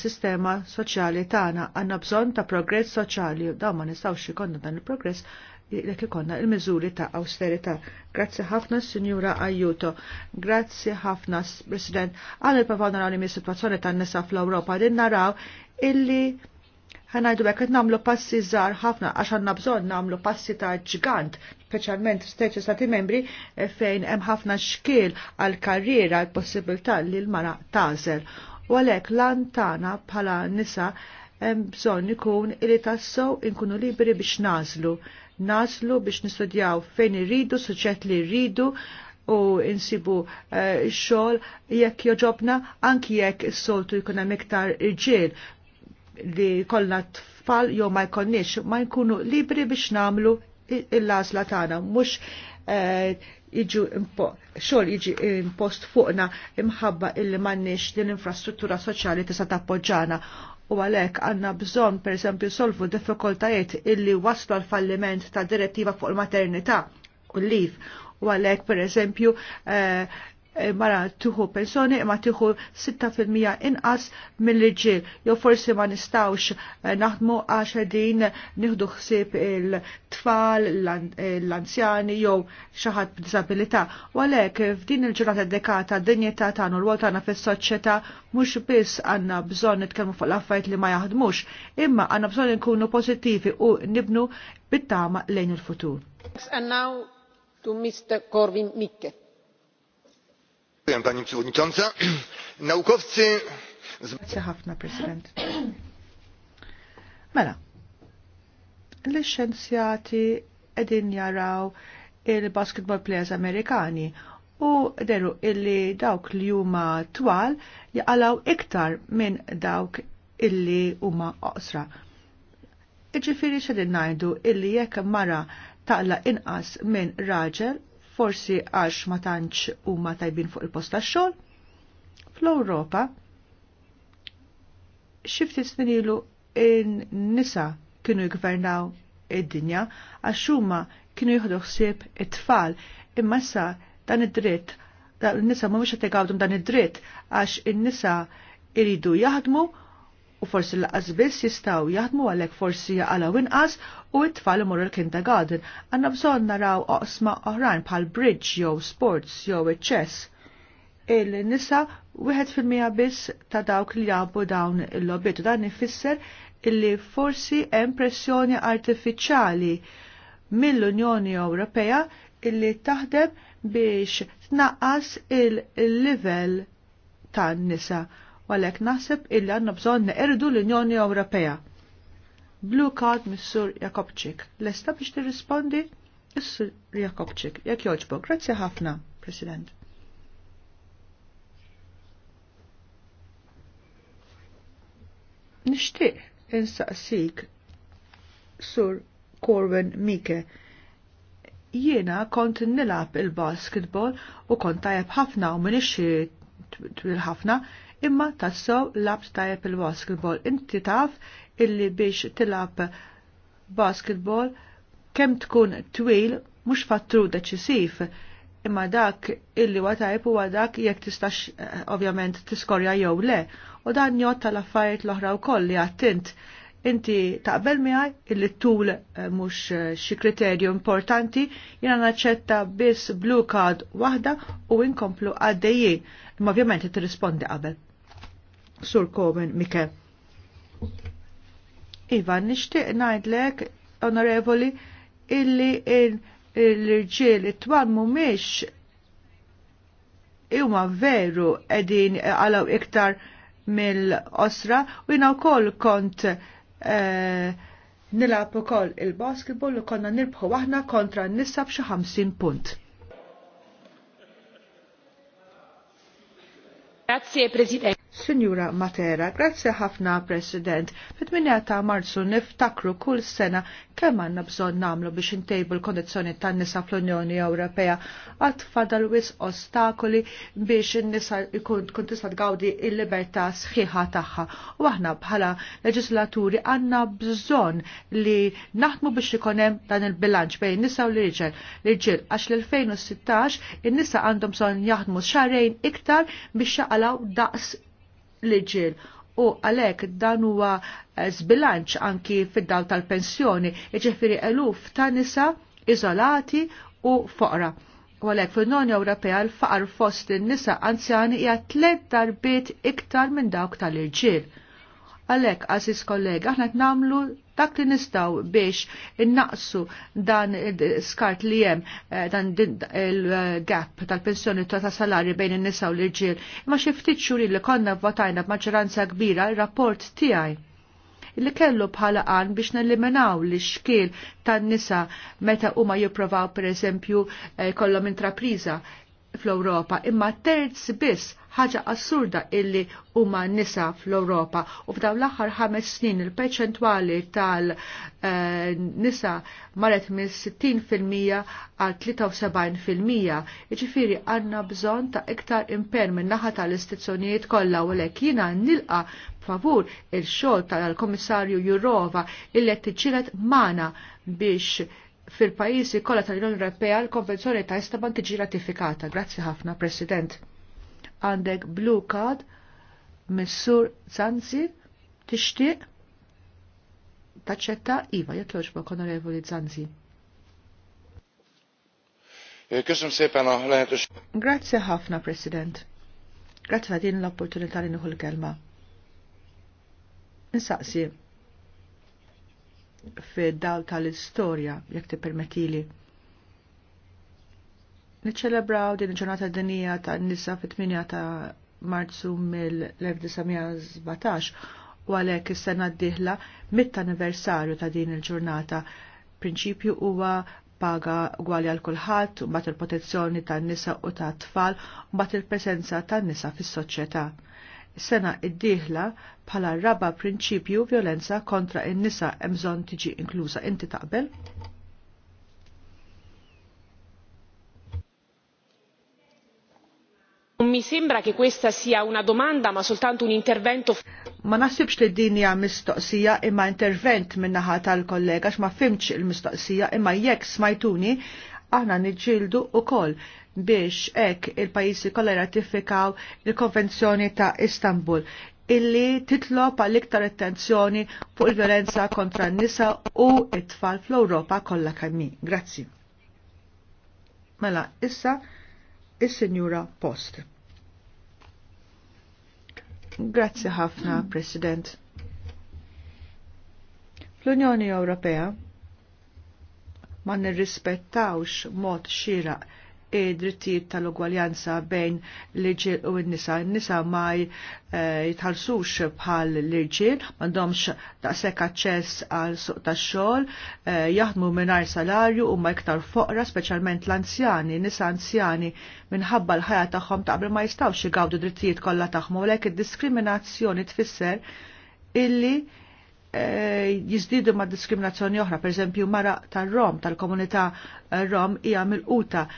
sistema soċjali tagħna għandna bżonn ta' progress soċjali u dawn ma nistgħux ikonna dan il-progress jekk ikonna il miżuri ta' austerità. Grazzi ħafna, Sinjura Ajuto. Grazzi ħafna, President. Għal il-papaw naraw li situazzjoni ta' nisa fl ewropa din naraw illi ħanajdu qed nagħmlu passi żgħar ħafna, għax għandna bżonn nagħmlu passi ta' ġigant, speċjalment f'steċi stati membri fejn hemm ħafna xkiel għal karriera għall possibilità li l-mara tażel. U għalhekk lan tagħna bħala nisa hemm bżonn ikun li tassew inkunu liberi biex nażlu. Nażlu biex nistudjaw fejn irridu, suċċett li rridu u insibu uh, xogħol jekk joġobna anki jekk is-soltu jkun hemm iktar irġiel li kollna tfal jew ma jkollniex ma jkunu liberi biex namlu il-lasla tagħna mhux eh, jiġu xogħol jiġi impost fuqna imħabba illi m'għandniex din infrastruttura soċjali tisa tappoġġana u għalhekk għandna bżonn pereżempju solfu diffikultajiet illi waslu għal falliment ta' direttiva fuq il-maternità u l-liv u għalhekk pereżempju eh, Eh, mara tuħu pensjoni imma tieħu 6% inqas mill-ġil. Jew forsi ma nistawx eh, naħdmu għax din nieħdu ħsieb il-tfal, l-anzjani jew xi ħadd b'diżabilità. U għalhekk f'din il-ġurnata dedikata d-dinjità tagħna l-wol tagħna fis-soċjetà mhux biss għandna bżonn nitkellmu fuq l-affarijiet li ma jaħdmux, imma għandna bżonn nkunu pożittivi u nibnu bit-tama lejn il-futur. And now to Mr. Corvin Mikke Pani Przewodnicząca. Naukowcy... Grazie ħafna, President. Mela, l-xenzjati edin jaraw il-basketball players Amerikani u deru illi dawk li huma twal jaqalaw iktar minn dawk illi huma oqsra. Iġifiri xedin najdu illi jekk mara taqla inqas minn raġel forsi għax ma tantx huma tajbin fuq il-post tax-xogħol. Fl-Ewropa xi ftit snin ilu in-nisa kienu jgvernaw id-dinja għax huma kienu jieħdu ħsieb it-tfal imma issa dan id-dritt n nisa mhumiex qed dan id-dritt għax in-nisa iridu jaħdmu u forsi qas biss jistgħu jaħdmu għalhekk forsi għala inqas u t-tfal imorru l-kindergarten. għanna bżonn naraw oqsma oħrajn bħal bridge jew sports jew iċ-ċess. Il-nisa wieħed fil-mija biss ta' dawk li jabu dawn il lobietu u dan ifisser illi forsi hemm pressjoni artifiċjali mill-Unjoni Ewropea illi taħdem biex tnaqqas il-livell tan-nisa għalek għalhekk naħseb illi għandna bżonn neqerdu l-Unjoni Ewropea. Blue card mis-Sur Jakobċik. Lesta biex tirrispondi? rispondi? sur Jakobċik, jekk joġbo? Grazie ħafna, President. Nixtieq insaqsik Sur Corwin Mike jiena kont nilab il-basketball u kont tajab ħafna u minix bil ħafna imma tassow lab tajjeb il-basketball. Inti taf illi biex tilab basketball kemm tkun twil mhux fattru deċisiv imma dak illi huwa tajb huwa dak jekk tistax eh, ovvjament tiskorja jew le. U dan njot tal-affarijiet l-oħra wkoll li għattint inti taqbel miħaj illi t-tul eh, mux eh, xi kriterju importanti jina naċċetta biss blue card wahda u inkomplu għaddejji. Imma ovvjament ti rispondi qabel. Sur Komen Mike. Iva, nishtiq najdlek, onorevoli, illi l-irġiel it-twal mumiex huma veru edin għalaw iktar mill-osra u jina wkoll kont e, nilab ukoll il-basketball u konna nirbħu aħna kontra n-nisa b'xi 50 punt. Grazie Presidente. Signora Matera, grazzi ħafna President. fit ta' Marzu niftakru kull sena kemm għandna bżonn nagħmlu biex intejbu l-kondizzjoni tan-nisa fl-Unjoni Ewropea għad fadal wis ostakoli biex in-nisa jkun tista' tgawdi l-libertà sħiħa tagħha. U aħna bħala leġislaturi għandna bżonn li naħdmu biex ikun hemm dan il-bilanċ bejn nisa u l-irġel. L-irġel għax l-2016 in-nisa għandhom bżonn jaħdmu xarejn iktar biex jaqalaw daqs l-ġil u għalek dan huwa eh, zbilanċ anki fid-dal tal-pensjoni, iġifiri eluf ta' nisa izolati u foqra. U għalek fil-Unjoni Ewropea l-faqar fost in-nisa anzjani hija tliet darbiet iktar minn dawk tal-irġiel. Għalek, għasis kollega, aħna namlu dak li nistaw biex innaqsu dan skart li jem eh, dan il-gap eh, tal-pensjoni ta' salari bejn in nisaw li l-irġiel. Ma xiftit xuri li konna votajna b'maġġoranza kbira il-rapport tiegħi li kellu bħala għan biex neliminaw li xkil tan nisa meta huma jipprovaw per eżempju eh, kollom intrapriza fl-Europa imma terz biss ħaġa assurda illi huma nisa fl-Ewropa u f'dawn l-aħħar ħames snin il-perċentwali tal-nisa eh, marret minn 60% għal 73%. Iġifieri għandna bżonn ta' iktar imper minn naħa tal-istituzzjonijiet kollha u lek jiena nilqa' favur il-xogħol tal-Komissarju Jurova illi qed tiġilet mana biex fil-pajjiżi kollha tal-Unjoni Ewropea l-Konvenzjoni ta' Istanbul tiġi ratifikata. Grazzi ħafna, President għandek blue card missur Zanzi tixtieq taċċetta iva jekk jogħġbok onorevoli Zanzi. Eh, Kisum sepen lehetux. Grazie ħafna, President. Grazie għad din l-opportunità li nħu l-kelma. Nsaqsi, fi dal tal-istoria, jek ti permetili. Niċċelebraw din il-ġurnata dinija ta' nisa fit-8 ta' marzu mill-1917 u għalhekk is-sena d-dieħla mit anniversarju ta' din il-ġurnata. Prinċipju huwa paga gwali għal kulħadd, mbagħad il-protezzjoni tan-nisa u tat-tfal, mbagħad il-preżenza tan-nisa fis-soċjetà. Sena id-dieħla bħala raba prinċipju violenza kontra n nisa hemm bżonn tiġi inkluża. Inti taqbel? Non mi sembra che questa sia una domanda ma soltanto un intervento. Ma naħsibx li din hija mistoqsija imma intervent min-naħa tal-kollega x'ma fimx il-mistoqsija imma jekk smajtuni aħna niġġieldu ukoll biex hekk il pajisi kolla ratifikaw il-Konvenzjoni ta' Istanbul illi titlob għall iktar attenzjoni fuq il-violenza kontra n-nisa u t tfal fl-Ewropa kollha kemm. Grazzi. Mela, issa is-Sinjura Post. Grazzi ħafna, President. Fl-Unjoni Ewropea ma nirrispettawx mod xira id-drittijiet tal-ugwaljanza bejn l-irġiel u n-nisa. N-nisa ma eh, jitħalsux bħal l-irġiel, mandomx daqshekk aċċess għal suq tax-xogħol, eh, jaħdmu mingħajr salarju u ma iktar foqra, speċjalment l-anzjani, nisa anzjani minħabba l-ħajja tagħhom taqbel ma jistgħux jgawdu drittijiet kollha tagħhom, lek id-diskriminazzjoni tfisser illi eh, jizdidu ma' diskriminazzjoni oħra, per eżempju mara tal-Rom, tal-komunità Rom hija mill-quta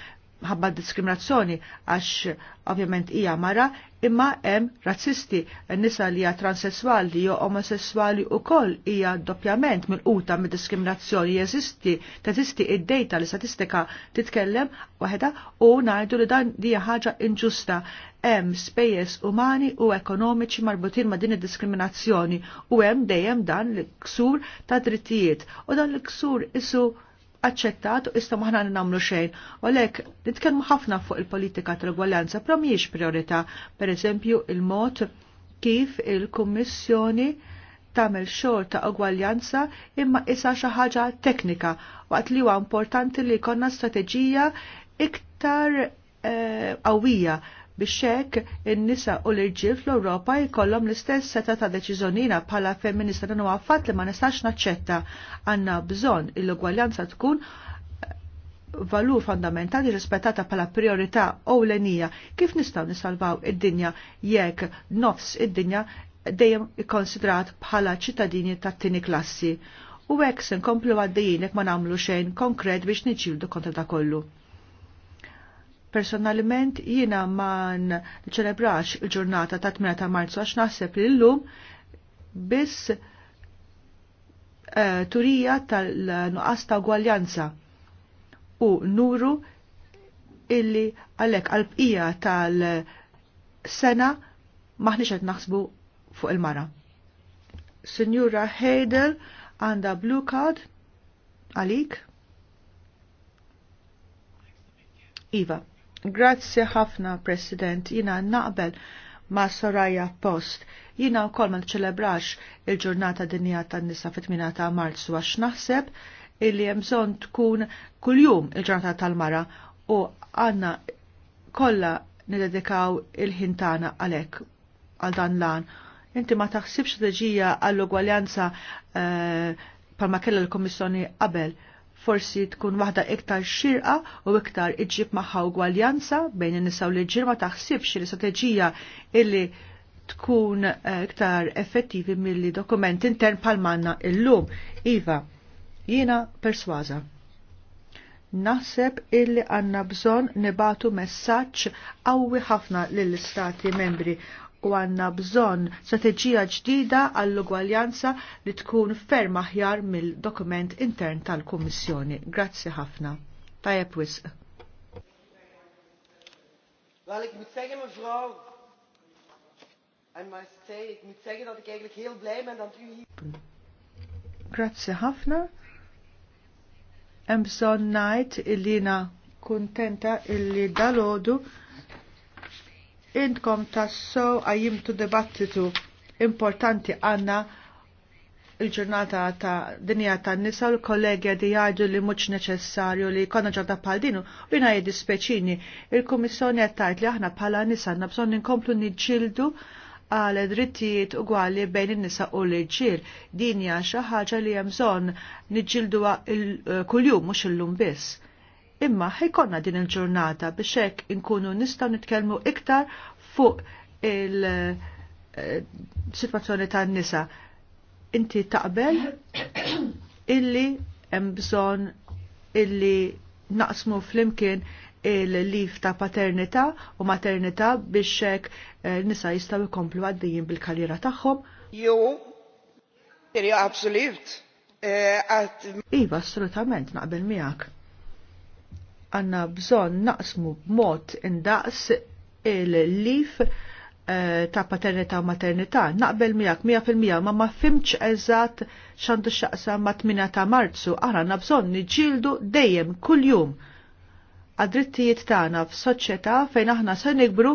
ħabba diskriminazzjoni għax ovvjament hija mara imma hemm razzisti nisa li hija transessuali jew omosessuali wkoll hija doppjament milquta mid diskriminazzjoni jeżisti teżisti id-dejta li statistika titkellem waħda u ngħidu li dan hija ħaġa inġusta hemm spejjeż umani u ekonomiċi marbutin ma' din id-diskriminazzjoni u hemm dejjem dan l-ksur ta' drittijiet u dan l-ksur isu aċċettat u issa maħna nagħmlu xejn. U lek nitkellmu ħafna fuq il-politika tal-gwaljanza, miex priorita, priorità, pereżempju il-mod kif il-Kummissjoni tamel xogħol ta' ugwaljanza imma isa xi ħaġa teknika waqt li huwa importanti li jkollna strateġija iktar eh, qawwija biex hekk in-nisa u l-irġiel fl-Ewropa jkollhom l-istess seta ta' deċiżjonina bħala femminista dan huwa li ma nistax naċċetta. Għandna bżonn il-ugwaljanza tkun eh, valur fondamentali rispettata pala priorità ewlenija kif nistgħu nisalvaw id-dinja jekk nofs id-dinja dejjem ikkonsidrat bħala ċittadini tat-tieni klassi. U hekk se nkomplu għaddejjin ma nagħmlu xejn konkret biex niġġieldu kontra ta' kollu. Personalment jina man ċelebrax il-ġurnata ta' 8 ta' marzu għax naħseb li l-lum biss uh, turija tal-nuqqas ta' gwaljanza u nuru illi għalek bqija tal-sena maħniċ qed naħsbu fuq il-mara. Signora Heidel għanda blue card għalik. Iva. Grazzi ħafna, President, jina naqbel ma' Soraya Post. Jina u kol ma' ċelebrax il-ġurnata dinja tan nisa fit tmina ta' marzu għax naħseb illi jemżon tkun kuljum il-ġurnata tal-mara u għanna kolla nidedikaw il-ħintana għalek għal dan lan. Inti ma taħsibx strategija għall-ugwaljanza eh, palma kella l-Komissjoni qabel forsi tkun waħda iktar xirqa u iktar iġib maħħa ugwaljanza bejn in-nisa u l-ġir ma taħsibx li strateġija illi tkun eh, iktar effettivi milli dokument intern palmanna il-lum. Iva, jiena perswaza. Naħseb illi għanna bżon nibatu messaċ għawi ħafna lill-istati membri u għanna bżon strategija ġdida għall-ugwaljanza li tkun ferm aħjar mill-dokument intern tal kommissjoni Grazzi ħafna. Tajab wisq. Wel, ik moet zeggen, mevrouw, en Marseille, ik moet zeggen dat ik eigenlijk heel blij ben dat u hier... Grazie, Hafna. En bżonn ngħid Elina, contenta, illi dalodu intkom għajim tu dibattitu importanti għanna il-ġurnata ta' dinja ta' nisa u l-kollegja di għadu li muċ neċessarju li konna ġarda pal dinu u jina speċini il komissoni għattajt li aħna pala nisa għanna bżon ninkomplu nġildu għal drittijiet ugwali bejn in-nisa u l ġir Dinja xi ħaġa li hemm bżonn niġġilduha eh, kuljum mhux illum biss imma ħajkonna din il-ġurnata biex hekk inkunu nistgħu nitkellmu iktar fuq il-sitwazzjoni eh, tan-nisa. Inti taqbel illi hemm bżonn illi naqsmu flimkien il-lif ta' paternità u maternità biex hekk eh, nisa jistgħu jkomplu għaddejjin bil-karriera tagħhom. Jo, absolut. Eh, iva, assolutament, naqbel miegħek għanna bżon naqsmu b'mod indaqs il-lif eh, ta' paternità u maternità. Naqbel miegħek mija ma ma fimċ eżatt x'għandu x'aqsa ma' 8 ta' Marzu, aħna na bżonn niġġieldu dejjem kuljum għad-drittijiet tagħna f'soċjetà fejn aħna se nikbru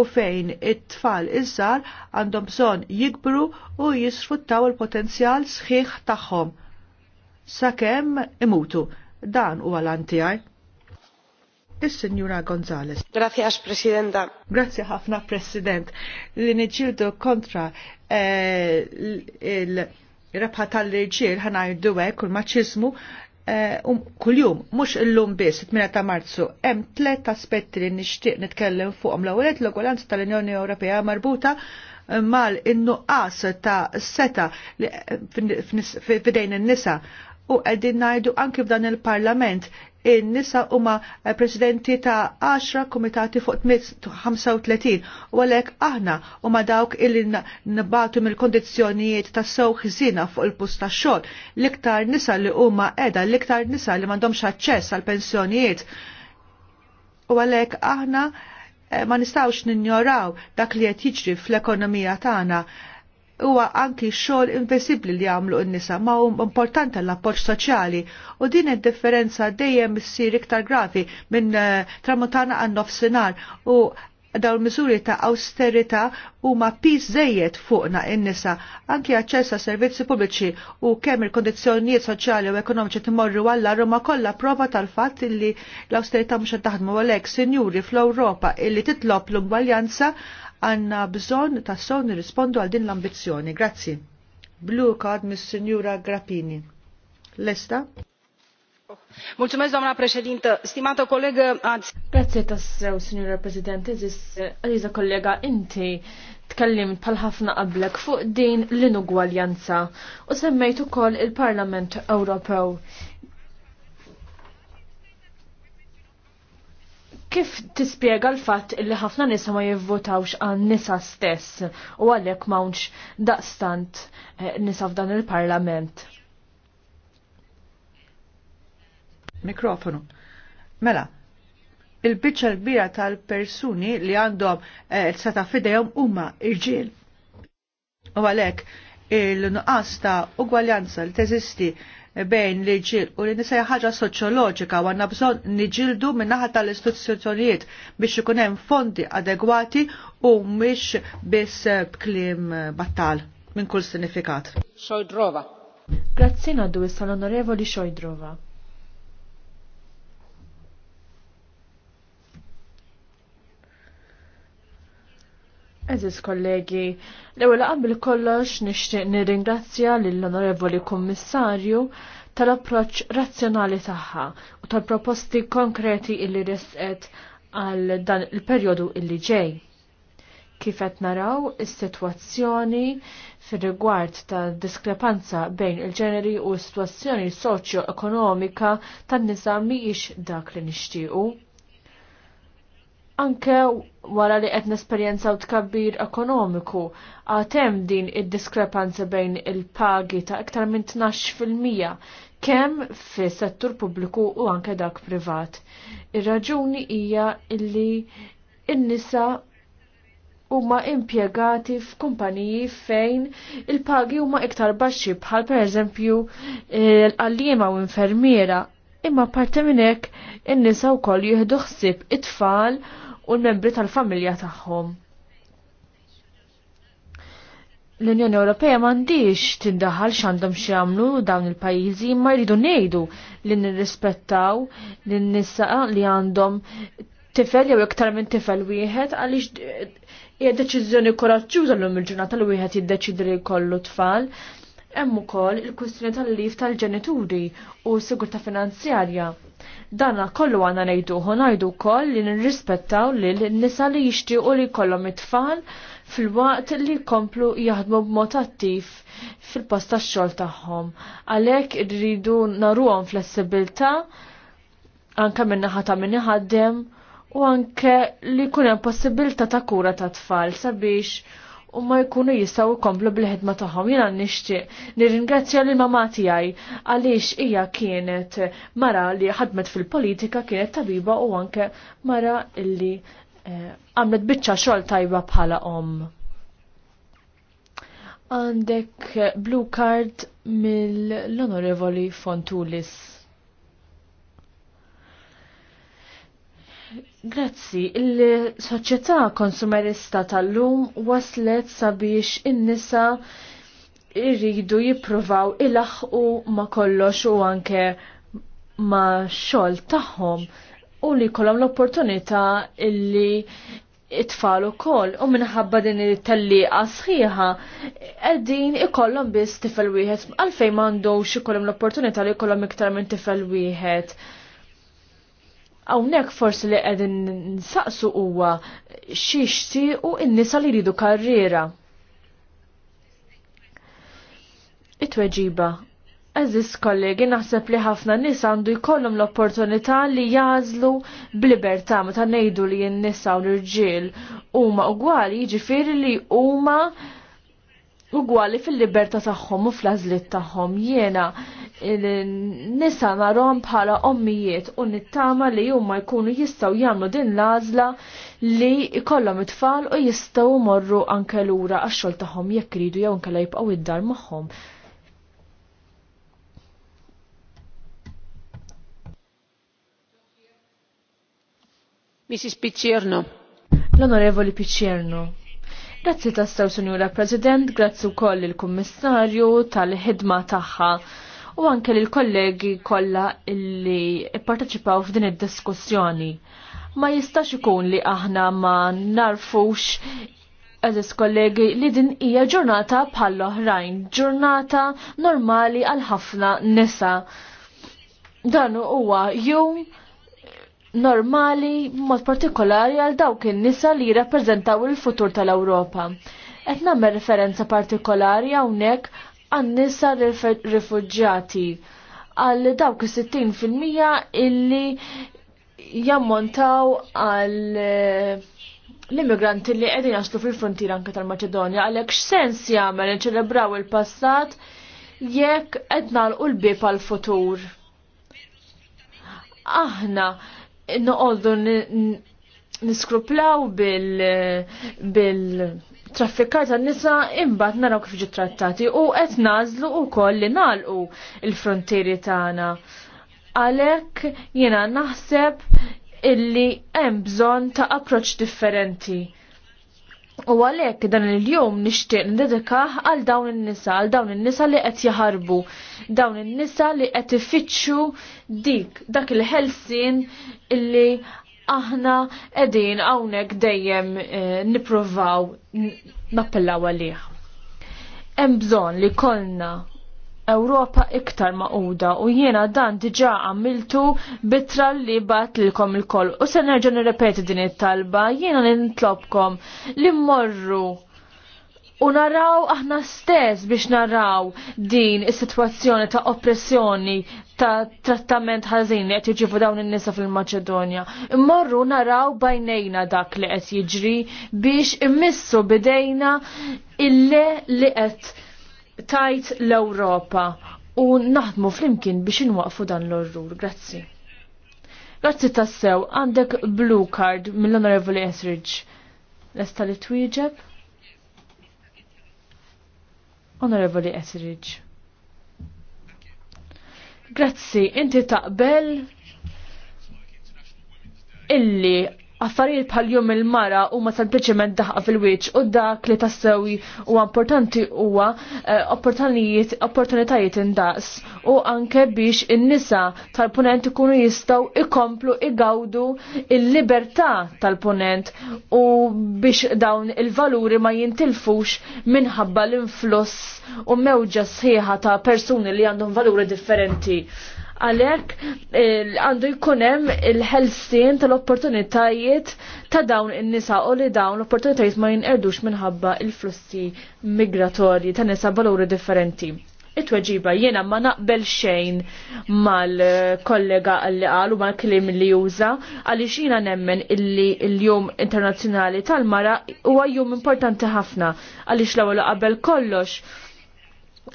u fejn it-tfal iż-żar għandhom bżonn jikbru u jisfruttaw il-potenzjal sħiħ tagħhom sakemm imutu. Dan huwa l-antijaj is-Sinjura Gonzales. Grazie, Presidenta. Grazie ħafna, President. Li niġildu kontra eh, il-rabħa tal-irġiel ħanajdu hekk u l-maċizmu eh, um, kuljum, mux illum biss, 8 ta' marzu, hemm tlet aspetti li nixtieq nitkellem fuqhom l-ewwel l-ogolanza tal-Unjoni Ewropea marbuta eh, mal-innuqqas ta' seta eh, fidejn in-nisa u għedin najdu anki f'dan il-parlament in-nisa huma presidenti ta' 10 komitati fuq 35 u għalhekk aħna huma dawk illi nabatu mill-kondizzjonijiet ta' sew ħżina fuq il-post tax-xogħol. L-iktar nisa li huma qiegħda, l-iktar nisa li m'għandhomx aċċess għal pensjonijiet. U għalhekk aħna eh, ma nistawx ninjoraw dak li qed jiġri fl-ekonomija tagħna huwa anki xogħol invisibli li għamlu n-nisa ma hu importanti l-appoġġ soċjali u din id-differenza dejjem issir iktar gravi minn eh, tramuntana għan nofsinhar u daw miżuri ta' austerita huma pis żejjed fuqna n nisa anki aċċess għal servizzi pubbliċi u kemm il kundizzjonijiet soċjali u ekonomiċi timorru għalla Roma kollha prova tal-fatt illi l-austerità mhux qed taħdmu għalhekk sinjuri fl-Ewropa illi titlob l-ugwaljanza għanna bżon ta' son nirrispondu għal din l-ambizjoni. Grazzi. Blue card mis Signora Grappini. Lesta? Mulțumesc, doamna președintă. Stimată colegă, ați... Grazie tassew, signora președinte, zis, aliza kollega, inti tkellimt bħal ħafna qablek fuq din l-inugwaljanza u semmejt ukoll il-Parlament Ewropew. Kif tispjega l-fatt li ħafna nisa ma jivvotawx għan nisa stess u għalhekk m'hawnx daqstant eh, nisa f'dan il-parlament? Mikrofonu. Mela, il-biċċa l-kbira tal-persuni li għandhom eh, seta' fidejhom huma irġiel. U għalhekk il-nuqqas ta' ugwaljanza li teżisti bejn li ġil u li nisaj ħaġa soċjoloġika u għanna bżon niġildu minnaħat tal-istituzzjonijiet biex ikun hemm fondi adegwati u mhix biss b'kliem battal minn kull sinifikat. Xojdrova. Grazzina du is l-onorevoli Xojdrova. Eżis kollegi, l-ewwel qabel kollox nixtieq nirringrazzja lill-Onorevoli Kummissarju tal-approċċ razzjonali tagħha u tal-proposti konkreti illi resqet għal dan il-perjodu illi ġej. Kif qed naraw is-sitwazzjoni fir-rigward ta' diskrepanza bejn il-ġeneri u s-sitwazzjoni soċjo-ekonomika tan-nisa mhijiex dak li nixtiequ Anke wara li qed nesperjenzaw tkabbir ekonomiku, għatem din id-diskrepanza bejn il-pagi ta' iktar minn 12% kemm fis settur pubbliku u anke dak privat. Ir-raġuni hija illi n-nisa huma impjegati f'kumpaniji fejn il-pagi huma iktar baxxi bħal pereżempju l-qallima u infermiera imma parte minn hekk in-nisa wkoll jieħdu ħsieb it-tfal u l-membri tal-familja tagħhom. L-Unjoni Ewropea m'għandix tindaħal x'għandhom x'jagħmlu dawn il-pajjiżi imma jridu ngħidu li nirrispettaw lin-nisa li għandhom tifel jew iktar minn tifel wieħed għaliex hija deċiżjoni koraġġjuża llum il-ġurnata li wieħed jiddeċidi li jkollu tfal. Hemm ukoll il-kwistjoni tal-lif tal-ġenituri u s-sigurta finanzjarja. Danna kollu għana nejdu ngħidu wkoll li nirrispettaw li l-nisa li jixtiequ li jkollhom it-tfal fil-waqt li jkomplu jaħdmu b'mod attiv fil posta tax-xogħol tagħhom. Għalhekk irridu naruhom flessibilità anke min-naħa ta' min iħaddem u anke li jkun hemm possibilità ta' kura ta' tfal sabiex u ma jkunu jistaw ikomplu bil-ħidma tagħhom. Jiena nixtieq nirringrazzja li mamati tiegħi għaliex hija kienet mara li ħadmet fil-politika kienet tabiba u anke mara illi eh, għamlet biċċa xogħol tajba bħala om. Għandek blue card mill-Onorevoli Fontulis. Grazzi, il-soċjetà konsumerista tal-lum waslet sabiex in-nisa irridu jippruvaw u ma kollox u anke ma xol tagħhom u li kollhom l-opportunità illi it-tfal ukoll u minħabba din it-tellieqa sħiħa qegħdin ikollhom biss tifel wieħed għalfejn m'għandux ikollhom l-opportunità li jkollhom iktar minn tifel wieħed Hawnhekk forsi li qegħdin nsaqsu huwa xiexti u n-nisa li jridu karriera. It-tweġiba. Eżis kollegi naħseb li ħafna nis għandu jkollhom l-opportunità li jażlu b'libertà meta ngħidu li n-nisa u l-irġiel huma ugwali jiġifieri li huma ugwali fil-liberta tagħhom u fl azlit tagħhom jiena nisa narom bħala ommijiet u nittama li huma jkunu jistgħu jagħmlu din l-għażla li jkollhom it-tfal u jistgħu morru anke lura għax-xogħol tagħhom jekk iridu jew inkella jibqgħu id-dar magħhom. Mrs. Piccierno. L-Onorevoli Piccierno. Grazzi tassew, Sinjura President, grazzi wkoll il-Kummissarju tal-ħidma tagħha u anke lill kollegi kollha illi pparteċipaw f'din id-diskussjoni. Ma jistax ikun li aħna ma narfux Eżis kollegi li din hija ġurnata bħal oħrajn, ġurnata normali għal ħafna nisa. Dan huwa jum normali mod partikolari għal dawk in-nisa li jirrappreżentaw il-futur tal-Ewropa. Qed nagħmel referenza partikolari hawnhekk għan-nisa rifuġġjati għal dawk is-60% illi jammontaw għal eh, l-immigranti li qegħdin jaslu fil-frontier anke tal-Maċedonja għalhekk x'sens jagħmel iċċelebraw il-passat jekk qed nagħlqu l-bib għal futur. Aħna noqoldu niskruplaw bil bil traffikar ta' nisa imbat naraw kif ġi trattati u qed nażlu wkoll li nagħlqu il-frontieri tagħna. Għalhekk jiena naħseb illi hemm bżonn ta' approċċ differenti U għalhekk dan il-jum nixtieq nidedikah għal dawn in-nisa, għal dawn in-nisa li qed jaħarbu, dawn in-nisa li qed ifittxu dik dak il-ħelsin illi aħna qegħdin hawnhekk dejjem eh, nippruvaw nappellaw għalih. Hemm bżonn li kolna Ewropa iktar maquda u jiena dan diġa għamiltu bitra li bat lilkom il-koll. U se nerġa' nirrepeti din it-talba, jiena nintlobkom li mmorru u naraw aħna stess biex naraw din is-sitwazzjoni ta' oppressjoni ta' trattament ħażin li qed jiġifu dawn in-nisa fil-Maċedonja. Immorru naraw bajnejna dak li qed jiġri biex immissu bidejna ille li qed tajt l europa u naħdmu flimkien biex inwaqfu dan l-orrur. Grazzi. Grazzi tassew, għandek blue card mill-Honorable Esridge. Lesta li twieġeb? Honorable Esridge. Grazzi, inti taqbel illi affarijiet bħal jum il-mara u ma sempliċement daħqa fil-wiċ u dak li tassewi u importanti huwa eh, opportunitajiet indaqs u anke biex in-nisa tal-punent ikunu jistgħu ikomplu igawdu il-libertà tal-punent u biex dawn il-valuri ma jintilfux minħabba l-influss u mewġa sħiħa ta' persuni li għandhom valuri differenti għalhekk eh, għandu jkun hemm il-ħelsien tal-opportunitajiet ta' dawn in-nisa u li dawn l-opportunitajiet ma jinqerdux minħabba il-flussi migratorji ta' nisa valuri differenti. It-tweġiba jiena ma naqbel xejn mal-kollega għalli qal u mal-klim li juża għaliex jiena nemmen illi l-jum internazzjonali tal-mara huwa jum importanti ħafna għaliex l-ewwel qabel kollox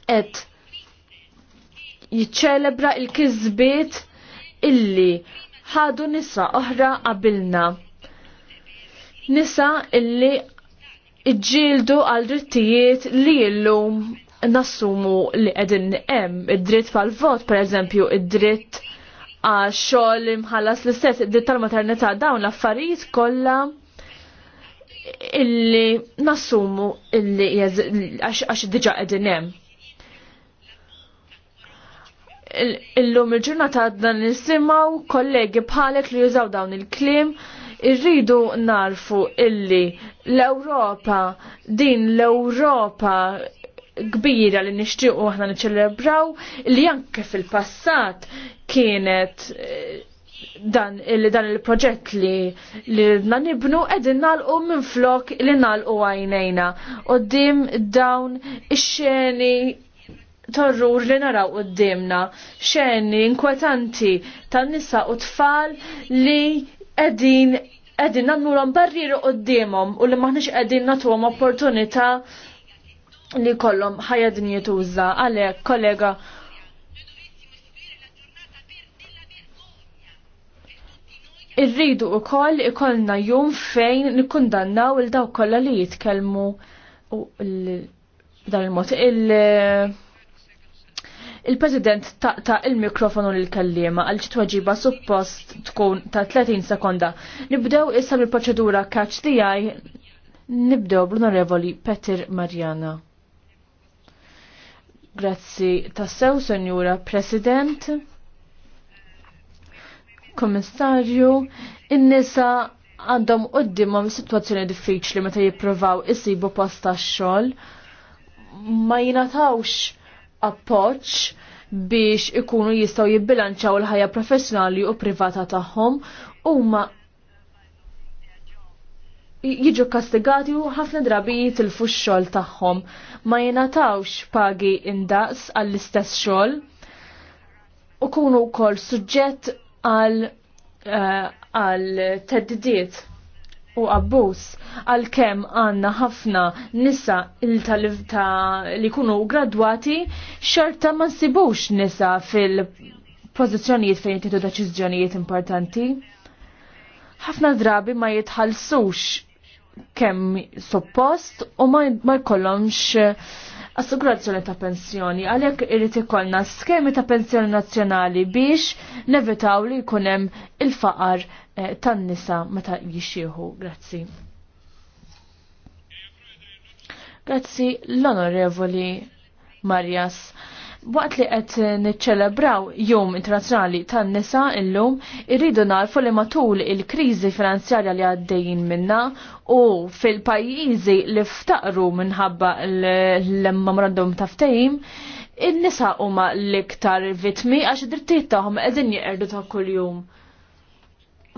qed jiċċelebra il-kizbiet illi ħadu nisa oħra qabilna. Nisa illi iġġildu għal drittijiet li illum nassumu li qegħdin hemm id-dritt tal-vot, pereżempju id-dritt għax xogħol imħallas l-istess, id-dritt tal-maternità dawn l-affarijiet kollha illi nassumu illi għax diġa qegħdin hemm illum il-ġurnata għadna nisimaw kollegi bħalek li jużaw dawn il-klim irridu narfu illi l-Europa din l-Europa kbira li nixtiequ aħna niċċelebraw li anke fil-passat kienet eh, dan dan il-proġett li li ridna nibnu qegħdin nagħlqu minn flok li nagħlqu għajnejna dim dawn ix-xeni torrur li naraw qoddimna xenni inkwetanti tan-nisa u tfal li qegħdin qegħdin nagħmluhom barrieri qoddimhom u li maħniex qegħdin nagħtuhom opportunità li kollom ħajja din jituża għalhekk kollega irridu u koll ikollna jum fejn nikundannaw il-daw kolla li jitkelmu u dan il-mot il-, -il Il-President taqta il-mikrofonu l-kallima għal ċitwaġiba suppost tkun ta' 30 sekonda. Nibdew issa bil-proċedura catch the eye. Nibdew bl-onorevoli Peter Marjana. Grazzi tassew, Senjura President, Komissarju, in-nisa għandhom qoddimhom situazzjoni diffiċli meta jippruvaw isibu posta xol xogħol ma jingħatawx appoċ biex ikunu jistgħu jibbilanċaw il-ħajja professjonali u privata tagħhom huma jiġu kastigati u ħafna drabi jitilfu x-xogħol tagħhom. Ma jingħatawx pagi indaqs għall-istess xogħol u kunu wkoll suġġett għal eh, għal teddidiet u abbuż għalkemm għandna ħafna nisa il-talib ta' li jkunu gradwati xorta ma nsibux nisa fil-pożizzjonijiet fejn jtieħdu deċiżjonijiet importanti. Ħafna drabi ma jitħallsux kemm suppost u ma jkollhomx eh, assigurazzjoni ta' pensjoni, għalhekk irrit ikollna skemi ta' pensjoni nazzjonali biex nevitaw li jkun hemm il-faqar Eh, tan-nisa meta jixxieħu. Grazzi. Grazzi l-Onorevoli Marjas. Waqt li qed niċċelebraw Jum Internazzjonali tan-nisa illum, irridu narfu li matul il-kriżi finanzjarja li għaddejjin minna u fil-pajjiżi li ftaqru minħabba l-memorandum ta' ftehim, in-nisa huma l-iktar vitmi għax id-drittijiet tagħhom qegħdin jeqerdu ta' kuljum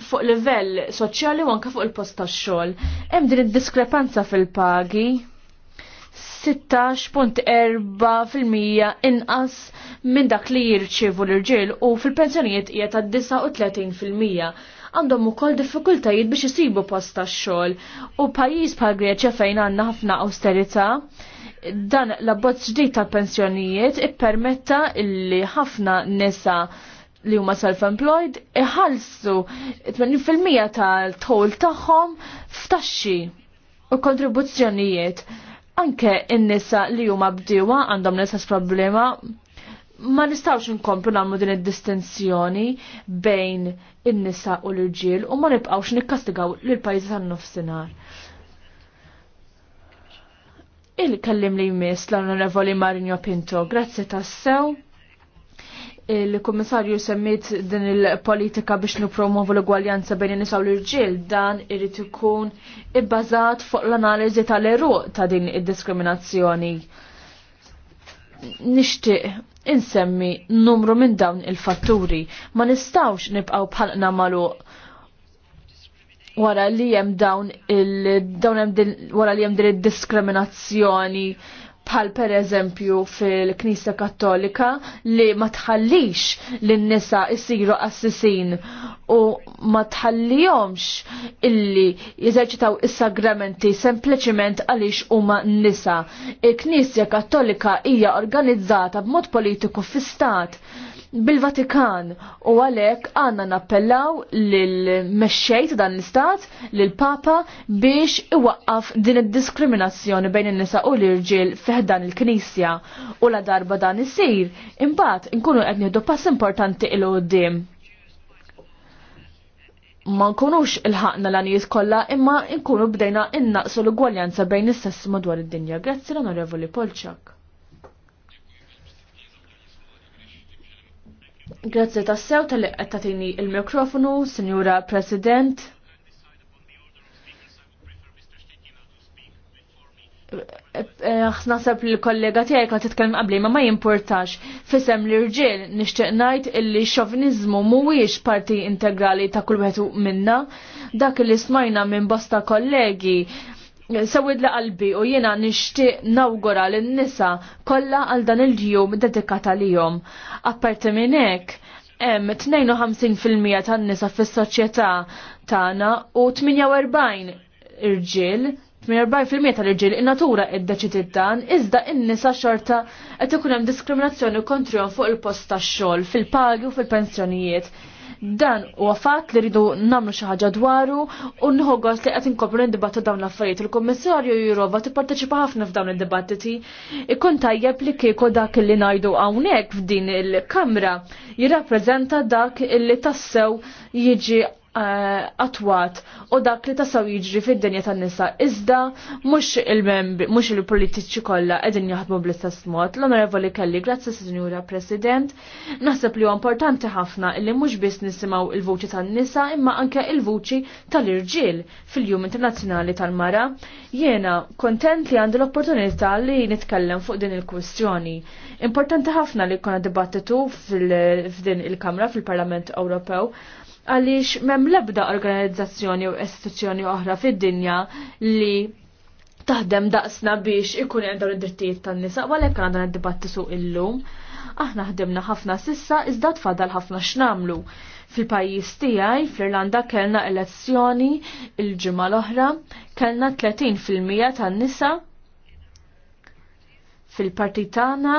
fuq livell soċjali u anke fuq il-post tax-xogħol. Hemm din id-diskrepanza fil-pagi 16.4% inqas minn dak li jirċievu l-irġiel u fil-pensjonijiet hija ta' 39%. Għandhom ukoll diffikultajiet biex isibu post tax-xogħol u pajjiż bħal Greċja fejn għandna ħafna austerità dan l-abbozz ġdid tal-pensjonijiet ippermetta illi ħafna nisa li huma self-employed iħallsu 80% tal-tol tagħhom f'taxxi u kontribuzzjonijiet. Anke in-nisa li huma bdiewa għandhom l-istess problema ma nistawx inkomplu nagħmlu din id-distinzjoni bejn in-nisa u l-irġiel u ma nibqgħux nikkastigaw lil pajjiż tan-nofsinhar. Il-kellim li jmiss l-Onorevoli Marinjo Pinto, grazzi tassew il-Kummissarju semmit din il-politika biex nipromovu l gwaljanza bejn in-nisa u l-irġiel dan irid ikun ibbażat fuq l-analiżi tal-eruq ta' din id-diskriminazzjoni. Nixtieq insemmi numru minn dawn il-fatturi ma nistawx nibqgħu bħalqna magħluq wara li hemm dawn il dawn hemm wara li hemm din id-diskriminazzjoni bħal per eżempju fil-Knisja Kattolika li ma tħallix lin-nisa jsiru assisin u ma tħallihomx illi jeżerċitaw is-sagramenti sempliċiment għaliex huma nisa. Il-Knisja Kattolika hija organizzata b'mod politiku fi stat bil-Vatikan u għalek għanna nappellaw l mexxej ta' dan l-istat, l papa biex iwaqqaf din id-diskriminazzjoni bejn in-nisa u l-irġiel fiħdan il-Knisja u la darba dan isir, imbagħad inkunu qed nieħdu pass importanti il għoddim ma nkunux il-ħaqna l kollha imma nkunu bdejna innaqsu l-ugwaljanza bejn is-sessi madwar id-dinja. Grazzi l-Onorevoli Polċak. Grazie tassew tal-li għattatini il-mikrofonu, Signora President. Eh, eh, naħseb li kollega tiegħi qed titkellem qabli ma ma jimpurtax. Fisem l irġiel nixtieq ngħid illi xovinizmu mhuwiex parti integrali ta' kull wieħed minna. Dak li smajna minn bosta kollegi sawid la qalbi u jiena nixtieq nawgura lin nisa kollha għal dan il-jum dedikata lihom. Apparti minn hekk, hemm 52% tan-nisa fis-soċjetà tagħna u 48 irġiel 48% tal-irġiel in-natura iddeċidiet dan, iżda in-nisa xorta qed ikun hemm diskriminazzjoni kontrihom fuq il-post tax-xogħol, fil-pagi u fil-pensjonijiet. fil pagi u fil pensjonijiet Dan huwa fatt li rridu nagħmlu xi ħaġa dwaru u nħoggos li qed n niddibattu dawn l-affarijiet. Il-Kummissarju Jurova tipparteċipa ħafna f'dawn id-dibattiti. Ikun tajjeb li kieku dak li ngħidu hawnhekk f'din il-Kamra jirrappreżenta dak li tassew jiġi Eh, atwat u dak li tasaw jiġri fid-dinja tan-nisa iżda mhux il-membri mhux il-politiċi kollha qegħdin jaħdmu bl-istess mod. L-Onorevoli Kelly, grazzi Sinjura President, naħseb li huwa importanti ħafna li mhux biss nisimgħu il-vuċi tan-nisa imma anke il-vuċi tal-irġiel fil-Jum Internazzjonali tal-Mara. Jiena kontent li għandi l-opportunità li nitkellem fuq din il-kwistjoni. Importanti ħafna li jkollna dibattitu f'din il-Kamra fil-Parlament Ewropew għaliex mem lebda organizzazzjoni u istituzzjoni oħra fid-dinja li taħdem daqsna biex ikun hemm dawn id-drittijiet tan-nisa, għalhekk għandna id-dibatti suq illum. Aħna ħdemna ħafna sissa iżda tfadal ħafna x'namlu. Fil-pajjiż tiegħi fl-Irlanda kellna elezzjoni il-ġimgħa l-oħra, kellna 30% fil-mija tan-nisa fil-partit tagħna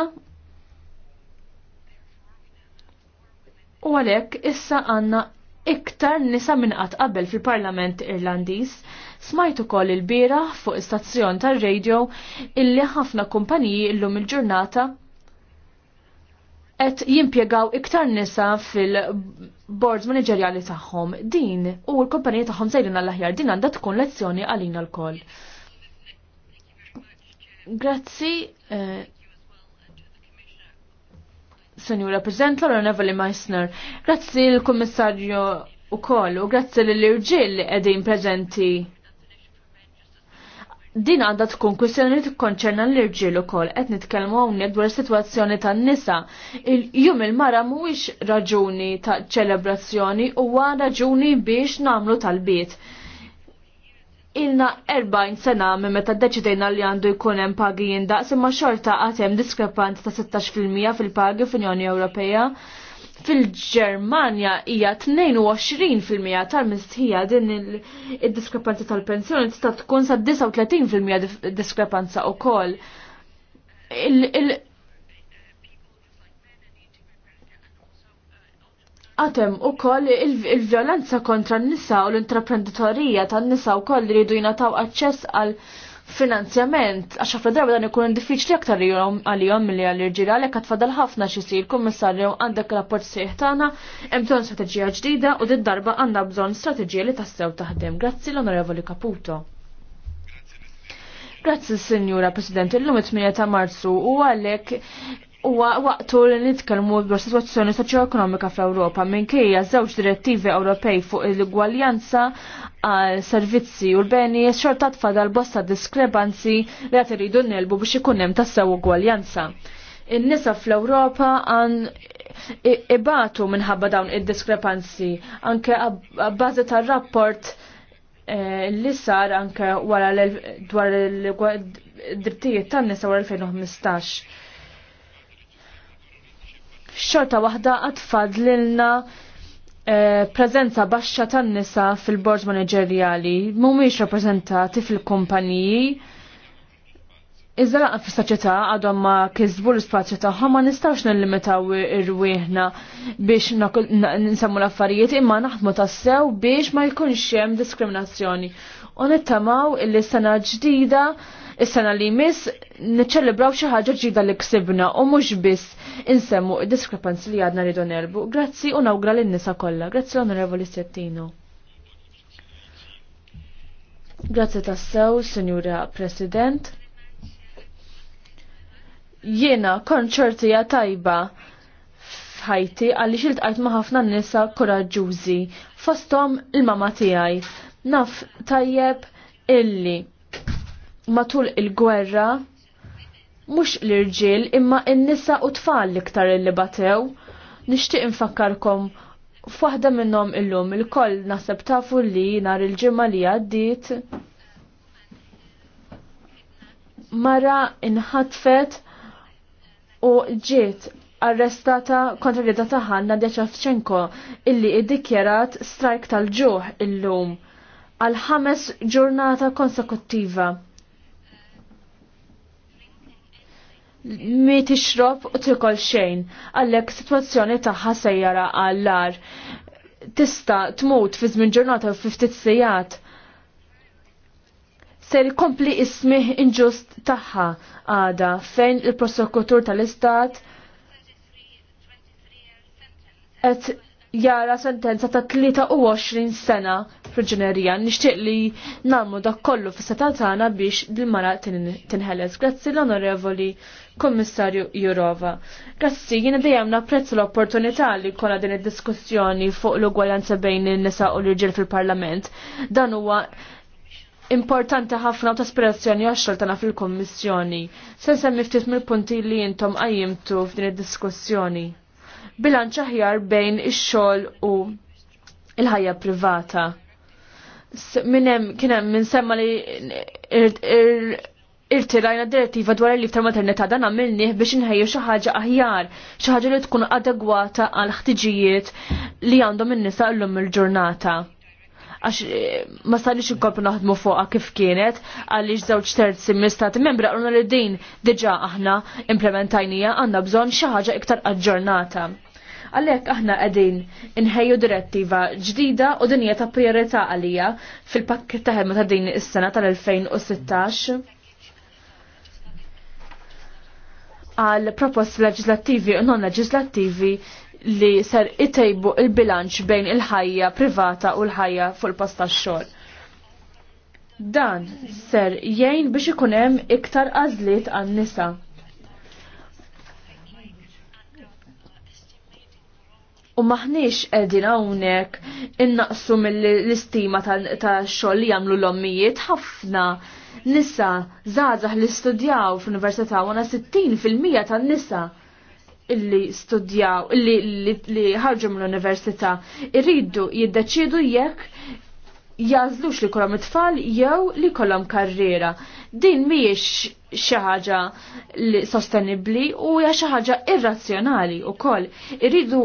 u għalhekk issa għandna iktar nisa minn qatt qabel fil-Parlament Irlandiż. Smajt ukoll il-bira fuq istazzjon tar-radio illi ħafna kumpaniji llum il-ġurnata qed jimpjegaw iktar nisa fil-boards manageriali tagħhom. Din u l-kumpaniji tagħhom sejrin għall-aħjar din għandha tkun lezzjoni għalina l-koll. Grazzi, eh, Senjura prezent l-Onorevoli Meissner. Grazzi l-Kommissarju u kollu, grazzi l-irġil edin prezenti Din għadda tkun kwestjoni li tikkonċerna l-irġiel ukoll qed nitkellmu hawnhekk dwar is-sitwazzjoni tan-nisa. Il-jum il-mara mhuwiex raġuni ta' ċelebrazzjoni huwa raġuni biex nagħmlu tal-bit. Ilna 40 sena minn meta deċidejna li għandu jkun hemm pagi jindaqs imma xorta għatem hemm diskrepanza ta' 16% fil-pagi fl-Unjoni Ewropea. Fil-Ġermanja hija 22% tal-mistħija din id-diskrepanza tal-pensjoni tista' tkun sa 39% diskrepanza wkoll Għatem u koll il-violenza kontra n-nisa u l-intraprenditorija tan nisa u koll rridu jinataw aċċess għal finanzjament, għax ħafna darba dan ikun diffiċli aktar għal-jom li għal-irġira għalek għatfadal ħafna xisir kummissarju għandek rapport sieħ tagħna hemm bżonn ġdida u dit darba għandna bżonn strategija li tassew taħdem. Grazzi l-Onorevoli Caputo. Grazzi Presidente, President, illum 8 ta' Marzu u għalek Huwa waqtu li nitkellmu dwar sitwazzjoni soċjoekonomika fl-Ewropa minkejja żewġ direttivi Ewropej fuq il igwaljanza għal servizzi u l-beni xorta tfadal bosta diskrepanzi li qed iridu nelbu biex ikun hemm tassew ugwaljanza. In-nisa fl-Ewropa għan ibatu minħabba dawn id-diskrepanzi anke għabbażi tar-rapport eh, li sar anke wara dwar il-drittijiet tan-nisa wara 2015 xorta waħda għatfad lilna eh, prezenza baxxa tan-nisa fil-bord manageriali mhumiex rappreżentati fil-kumpaniji. Iżda laqqa fis-soċjetà għadhom ma kisbu l spazju tagħhom ma nil nillimitaw irwieħna biex nisammu l-affarijiet imma naħdmu tassew biex ma jkunx hemm diskriminazzjoni. U nittamaw illi sena ġdida Is-sena li jmiss niċċelebraw xi ħaġa ġdida li ksibna u mhux biss insemmu id-diskrepanzi li għadna rridu nerbu. Grazzi u nawgra lin-nisa kollha. Grazzi l-Onorevoli Settino. Grazzi tassew, Sinjura President. Jiena konċertija tajba f'ħajti għalli xiltqajt ma' ħafna nisa koraġġużi fosthom il-mama tiegħi. Naf tajjeb illi matul il-gwerra mhux l-irġiel imma n-nisa u tfal liktar li batew. Nixtieq infakkarkom f'waħda minnhom illum il-koll naħseb tafu li nhar il-ġimgħa li għaddiet mara inħatfet u ġiet arrestata kontra rida taħħa Nadja Ċavċenko illi iddikjarat strajk tal-ġuħ illum għal ħames ġurnata konsekuttiva. mi tixrob u tikol xejn, għallek situazzjoni taħħa sejjara għallar. Tista tmut fi żmien ġurnata u ftit sejjat. Ser kompli ismih inġust taħħa għada fejn il-prosekutur tal-istat et jara sentenza ta' 23 sena fil-ġenerija. nixtieq li nagħmlu dak kollu fis-seta tagħna biex dil-mara tinħeles. Grazzi l-onorevoli Kommissarju Jurova. kassi. jiena dejjem napprezz l-opportunità li kona din id-diskussjoni fuq l-ugwaljanza bejn in-nisa u l-irġiel fil-Parlament. Dan huwa importanti ħafna ta' aspirazzjoni għaxħal tana fil-kommissjoni. Se semmi ftit mill-punti li jintom għajjimtu f'din id-diskussjoni. Bilanċ aħjar bejn ix-xogħol u il-ħajja privata. Minem kienem minn semma li irtirajna direttiva dwar il-liftar maternità dan għamilni biex nħejju xi ħaġa aħjar, xi ħaġa li tkun adegwata għal ħtiġijiet li għandhom in-nisa llum il-ġurnata. Għax eh, ma sarniex inkomplu naħdmu fuqha kif kienet, għaliex żewġ terzi mill-istati membri għaluna li din diġà aħna implementajnija għandna bżonn xi ħaġa iktar aġġornata. Għalhekk aħna qegħdin inħejju direttiva ġdida u dinja ta' prijorità għalija fil-pakket ta' ħemma ta' din is-sena tal-2016 għal proposti leġislattivi u non leġislattivi li ser itejbu il-bilanċ bejn il-ħajja privata u l-ħajja fuq il-post tax-xogħol. Dan ser jgħin biex ikun hemm iktar għażliet għan-nisa. u maħniex edin hawnhekk innaqsu mill-istima ta' xogħol li jagħmlu l-ommijiet ħafna nisa żgħażagħ li studjaw fl-università u 60% tan-nisa illi studjaw, illi li ħarġu mill-università irridu jiddeċidu jekk jażlux li kollhom it-tfal jew li kollhom karriera. Din mhijiex xi ħaġa sostenibbli u hija xi ħaġa irrazzjonali wkoll. Irridu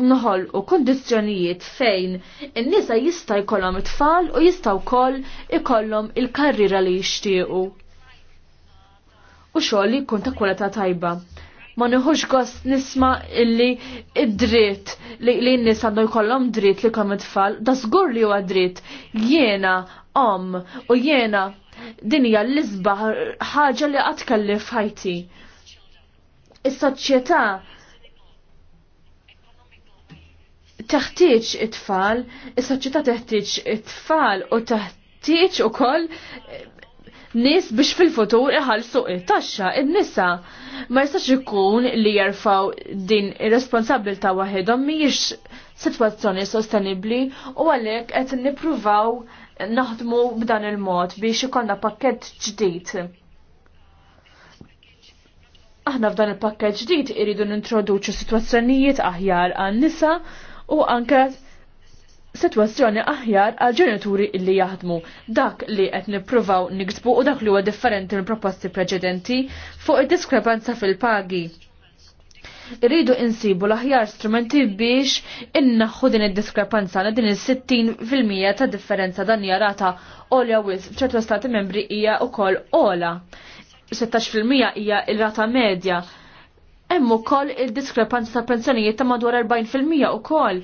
nħol u kondizjonijiet fejn in-nisa jista' jkollhom it-tfal u jista' wkoll ikollhom il-karriera li jixtiequ. U xogħol li jkun ta' kwalità tajba. Ma neħux gost nisma illi id-dritt li n-nisa għandu jkollhom dritt li kom it-tfal, da żgur li huwa dritt jiena om u jiena din hija l-isba ħaġa li qatt kelli f'ħajti. Is-soċjetà teħtieġ it-tfal, is-soċjetà teħtieġ it-tfal u teħtieġ ukoll nies biex fil-futur iħallsu it-taxxa in-nisa. Ma jistax ikun li jarfaw din ir-responsabilità waħedhom mhijiex sitwazzjoni sostenibbli u għalhekk qed nippruvaw naħdmu b'dan il-mod biex ikollna pakkett ġdid. Aħna f'dan il-pakkett ġdid iridu nintroduċu sitwazzjonijiet aħjar għan-nisa u anke situazzjoni aħjar għal ġenituri illi jaħdmu dak li qed nippruvaw niksbu u dak li huwa differenti mill proposti preċedenti fuq id-diskrepanza fil-pagi. Irridu insibu l-aħjar strumenti biex innaħħu din id-diskrepanza għal din is 60 ta' differenza dan hija rata olja wis f'ċertu stati membri hija wkoll ola. 16% hija il-rata medja Hemm ukoll il-diskrepanza ta' pensjonijiet ta' madwar 40% kol.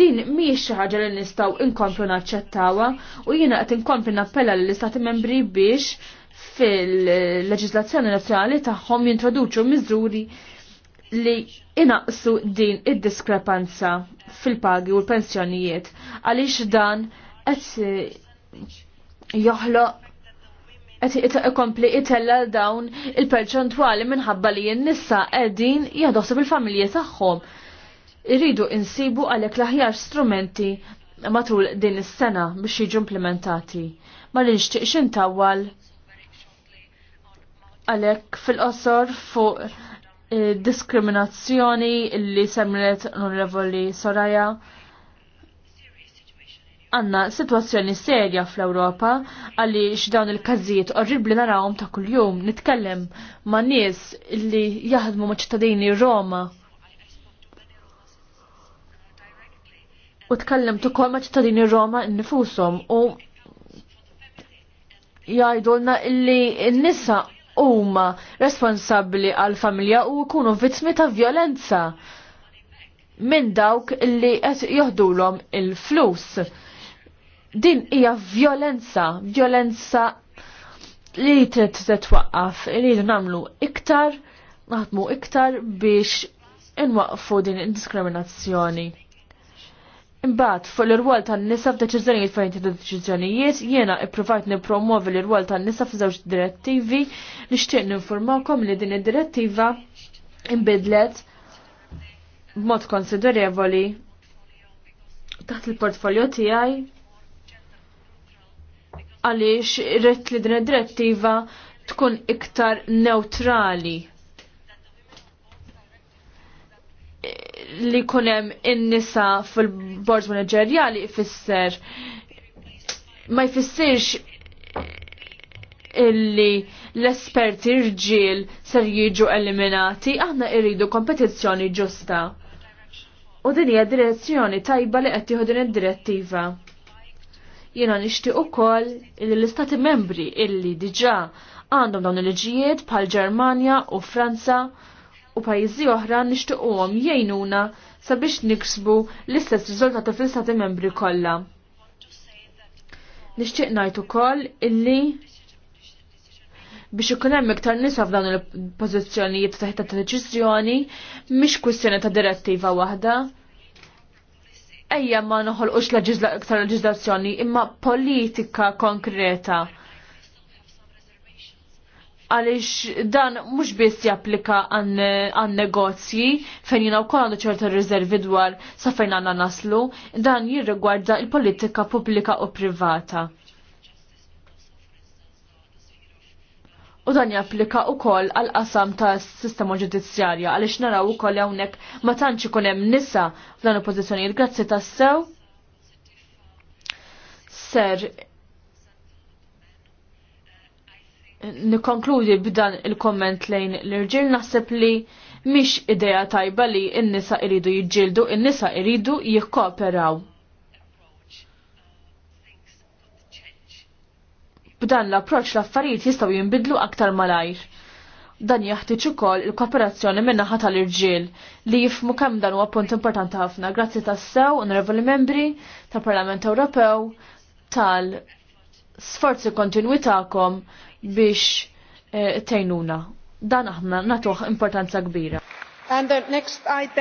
Din mhijiex xi ħaġa li nistgħu inkomplu naċċettawha u jiena qed inkomplu nappella lill-Istati Membri biex fil-leġislazzjoni nazzjonali tagħhom jintroduċu miżuri li inaqsu din id-diskrepanza fil-pagi u l-pensjonijiet għaliex dan qed joħloq ikompli itella dawn il-perċentwali minħabba li n-nissa edin jadoħseb il-familji tagħhom. Irridu insibu għalek laħjar strumenti matul din is-sena biex jiġu implementati. Ma l nixtieqx intawwal għalek fil-qosor fuq eh, diskriminazzjoni li semlet onorevoli Soraya għanna situazzjoni serja fl-Europa għalli x'dawn il-kazzijiet orribli narawhom ta' kuljum nitkellem ma' nies li jaħdmu ma' ċittadini Roma. U tkellem ukoll ma' ċittadini Roma nnifushom u jgħidulna illi n-nisa huma responsabbli għal familja u jkunu vittmi ta' violenza minn dawk illi qed joħdulhom il-flus. il flus Din hija violenza, violenza li trid titwaqqaf, iridu nagħmlu iktar, naħdmu iktar biex inwaqfu din id-diskriminazzjoni. Imbagħad fuq l-irwol tan-nisa f'deċiżjonijiet fejn ta' deċiżjonijiet jiena ippruvajt nippromovi l-irwol tan-nisa f'żewġ direttivi nixtieq ninformawkom li din id-direttiva inbidlet b'mod konsiderevoli taħt il-portfolio tiegħi għaliex irrid li din id-direttiva tkun iktar neutrali. Li kunem in-nisa fil bords manageriali ifisser ma jfissirx illi l-esperti rġil ser jiġu eliminati, aħna irridu kompetizzjoni ġusta. U din hija direzzjoni tajba li qed tieħu din id-direttiva. Jiena nixtieq ukoll li l-istati membri illi diġa' għandhom dawn il-liġijiet bħal Ġermanja u Franza u pajjiżi oħra nixtiequhom jgħinuna sabiex niksbu l-istess riżultati fl-istati membri kollha. Nixtieq ngħid ukoll illi biex ikun hemm iktar nisa f'dawn il-pożizzjonijiet taħt ta' deċiżjoni mhix kwistjoni ta' direttiva waħda, ejja ma noħolqux iktar leġislazzjoni imma politika konkreta għalix dan mux biss japplika għan negozji fejn jina u kol għandu ċerta rizervi dwar sa fejn għanna naslu, dan jirrigwarda il-politika pubblika u privata. u dan japplika wkoll għal qasam ta' sistema ġudizzjarja għaliex naraw ukoll hawnhekk ma tantx ikun hemm nisa f'dan il-pożizzjonijiet grazzi tassew. Ser nikonkludi b'dan il-komment lejn l-irġil naħseb li mhix idea tajba li n-nisa iridu jiġġieldu, n-nisa iridu jikkooperaw. B'dan l-approċ l-affarijiet jistgħu jinbidlu aktar malajr. Dan jaħtieġ ukoll il-kooperazzjoni min-naħa tal-irġiel li jifmu kemm dan huwa punt importanti ħafna. Grazzi tas-sew, onorevoli membri tal-Parlament Ewropew tal-sforzi kontinwi tagħkom biex eh, tejnuna. Dan aħna natuħ importanza kbira.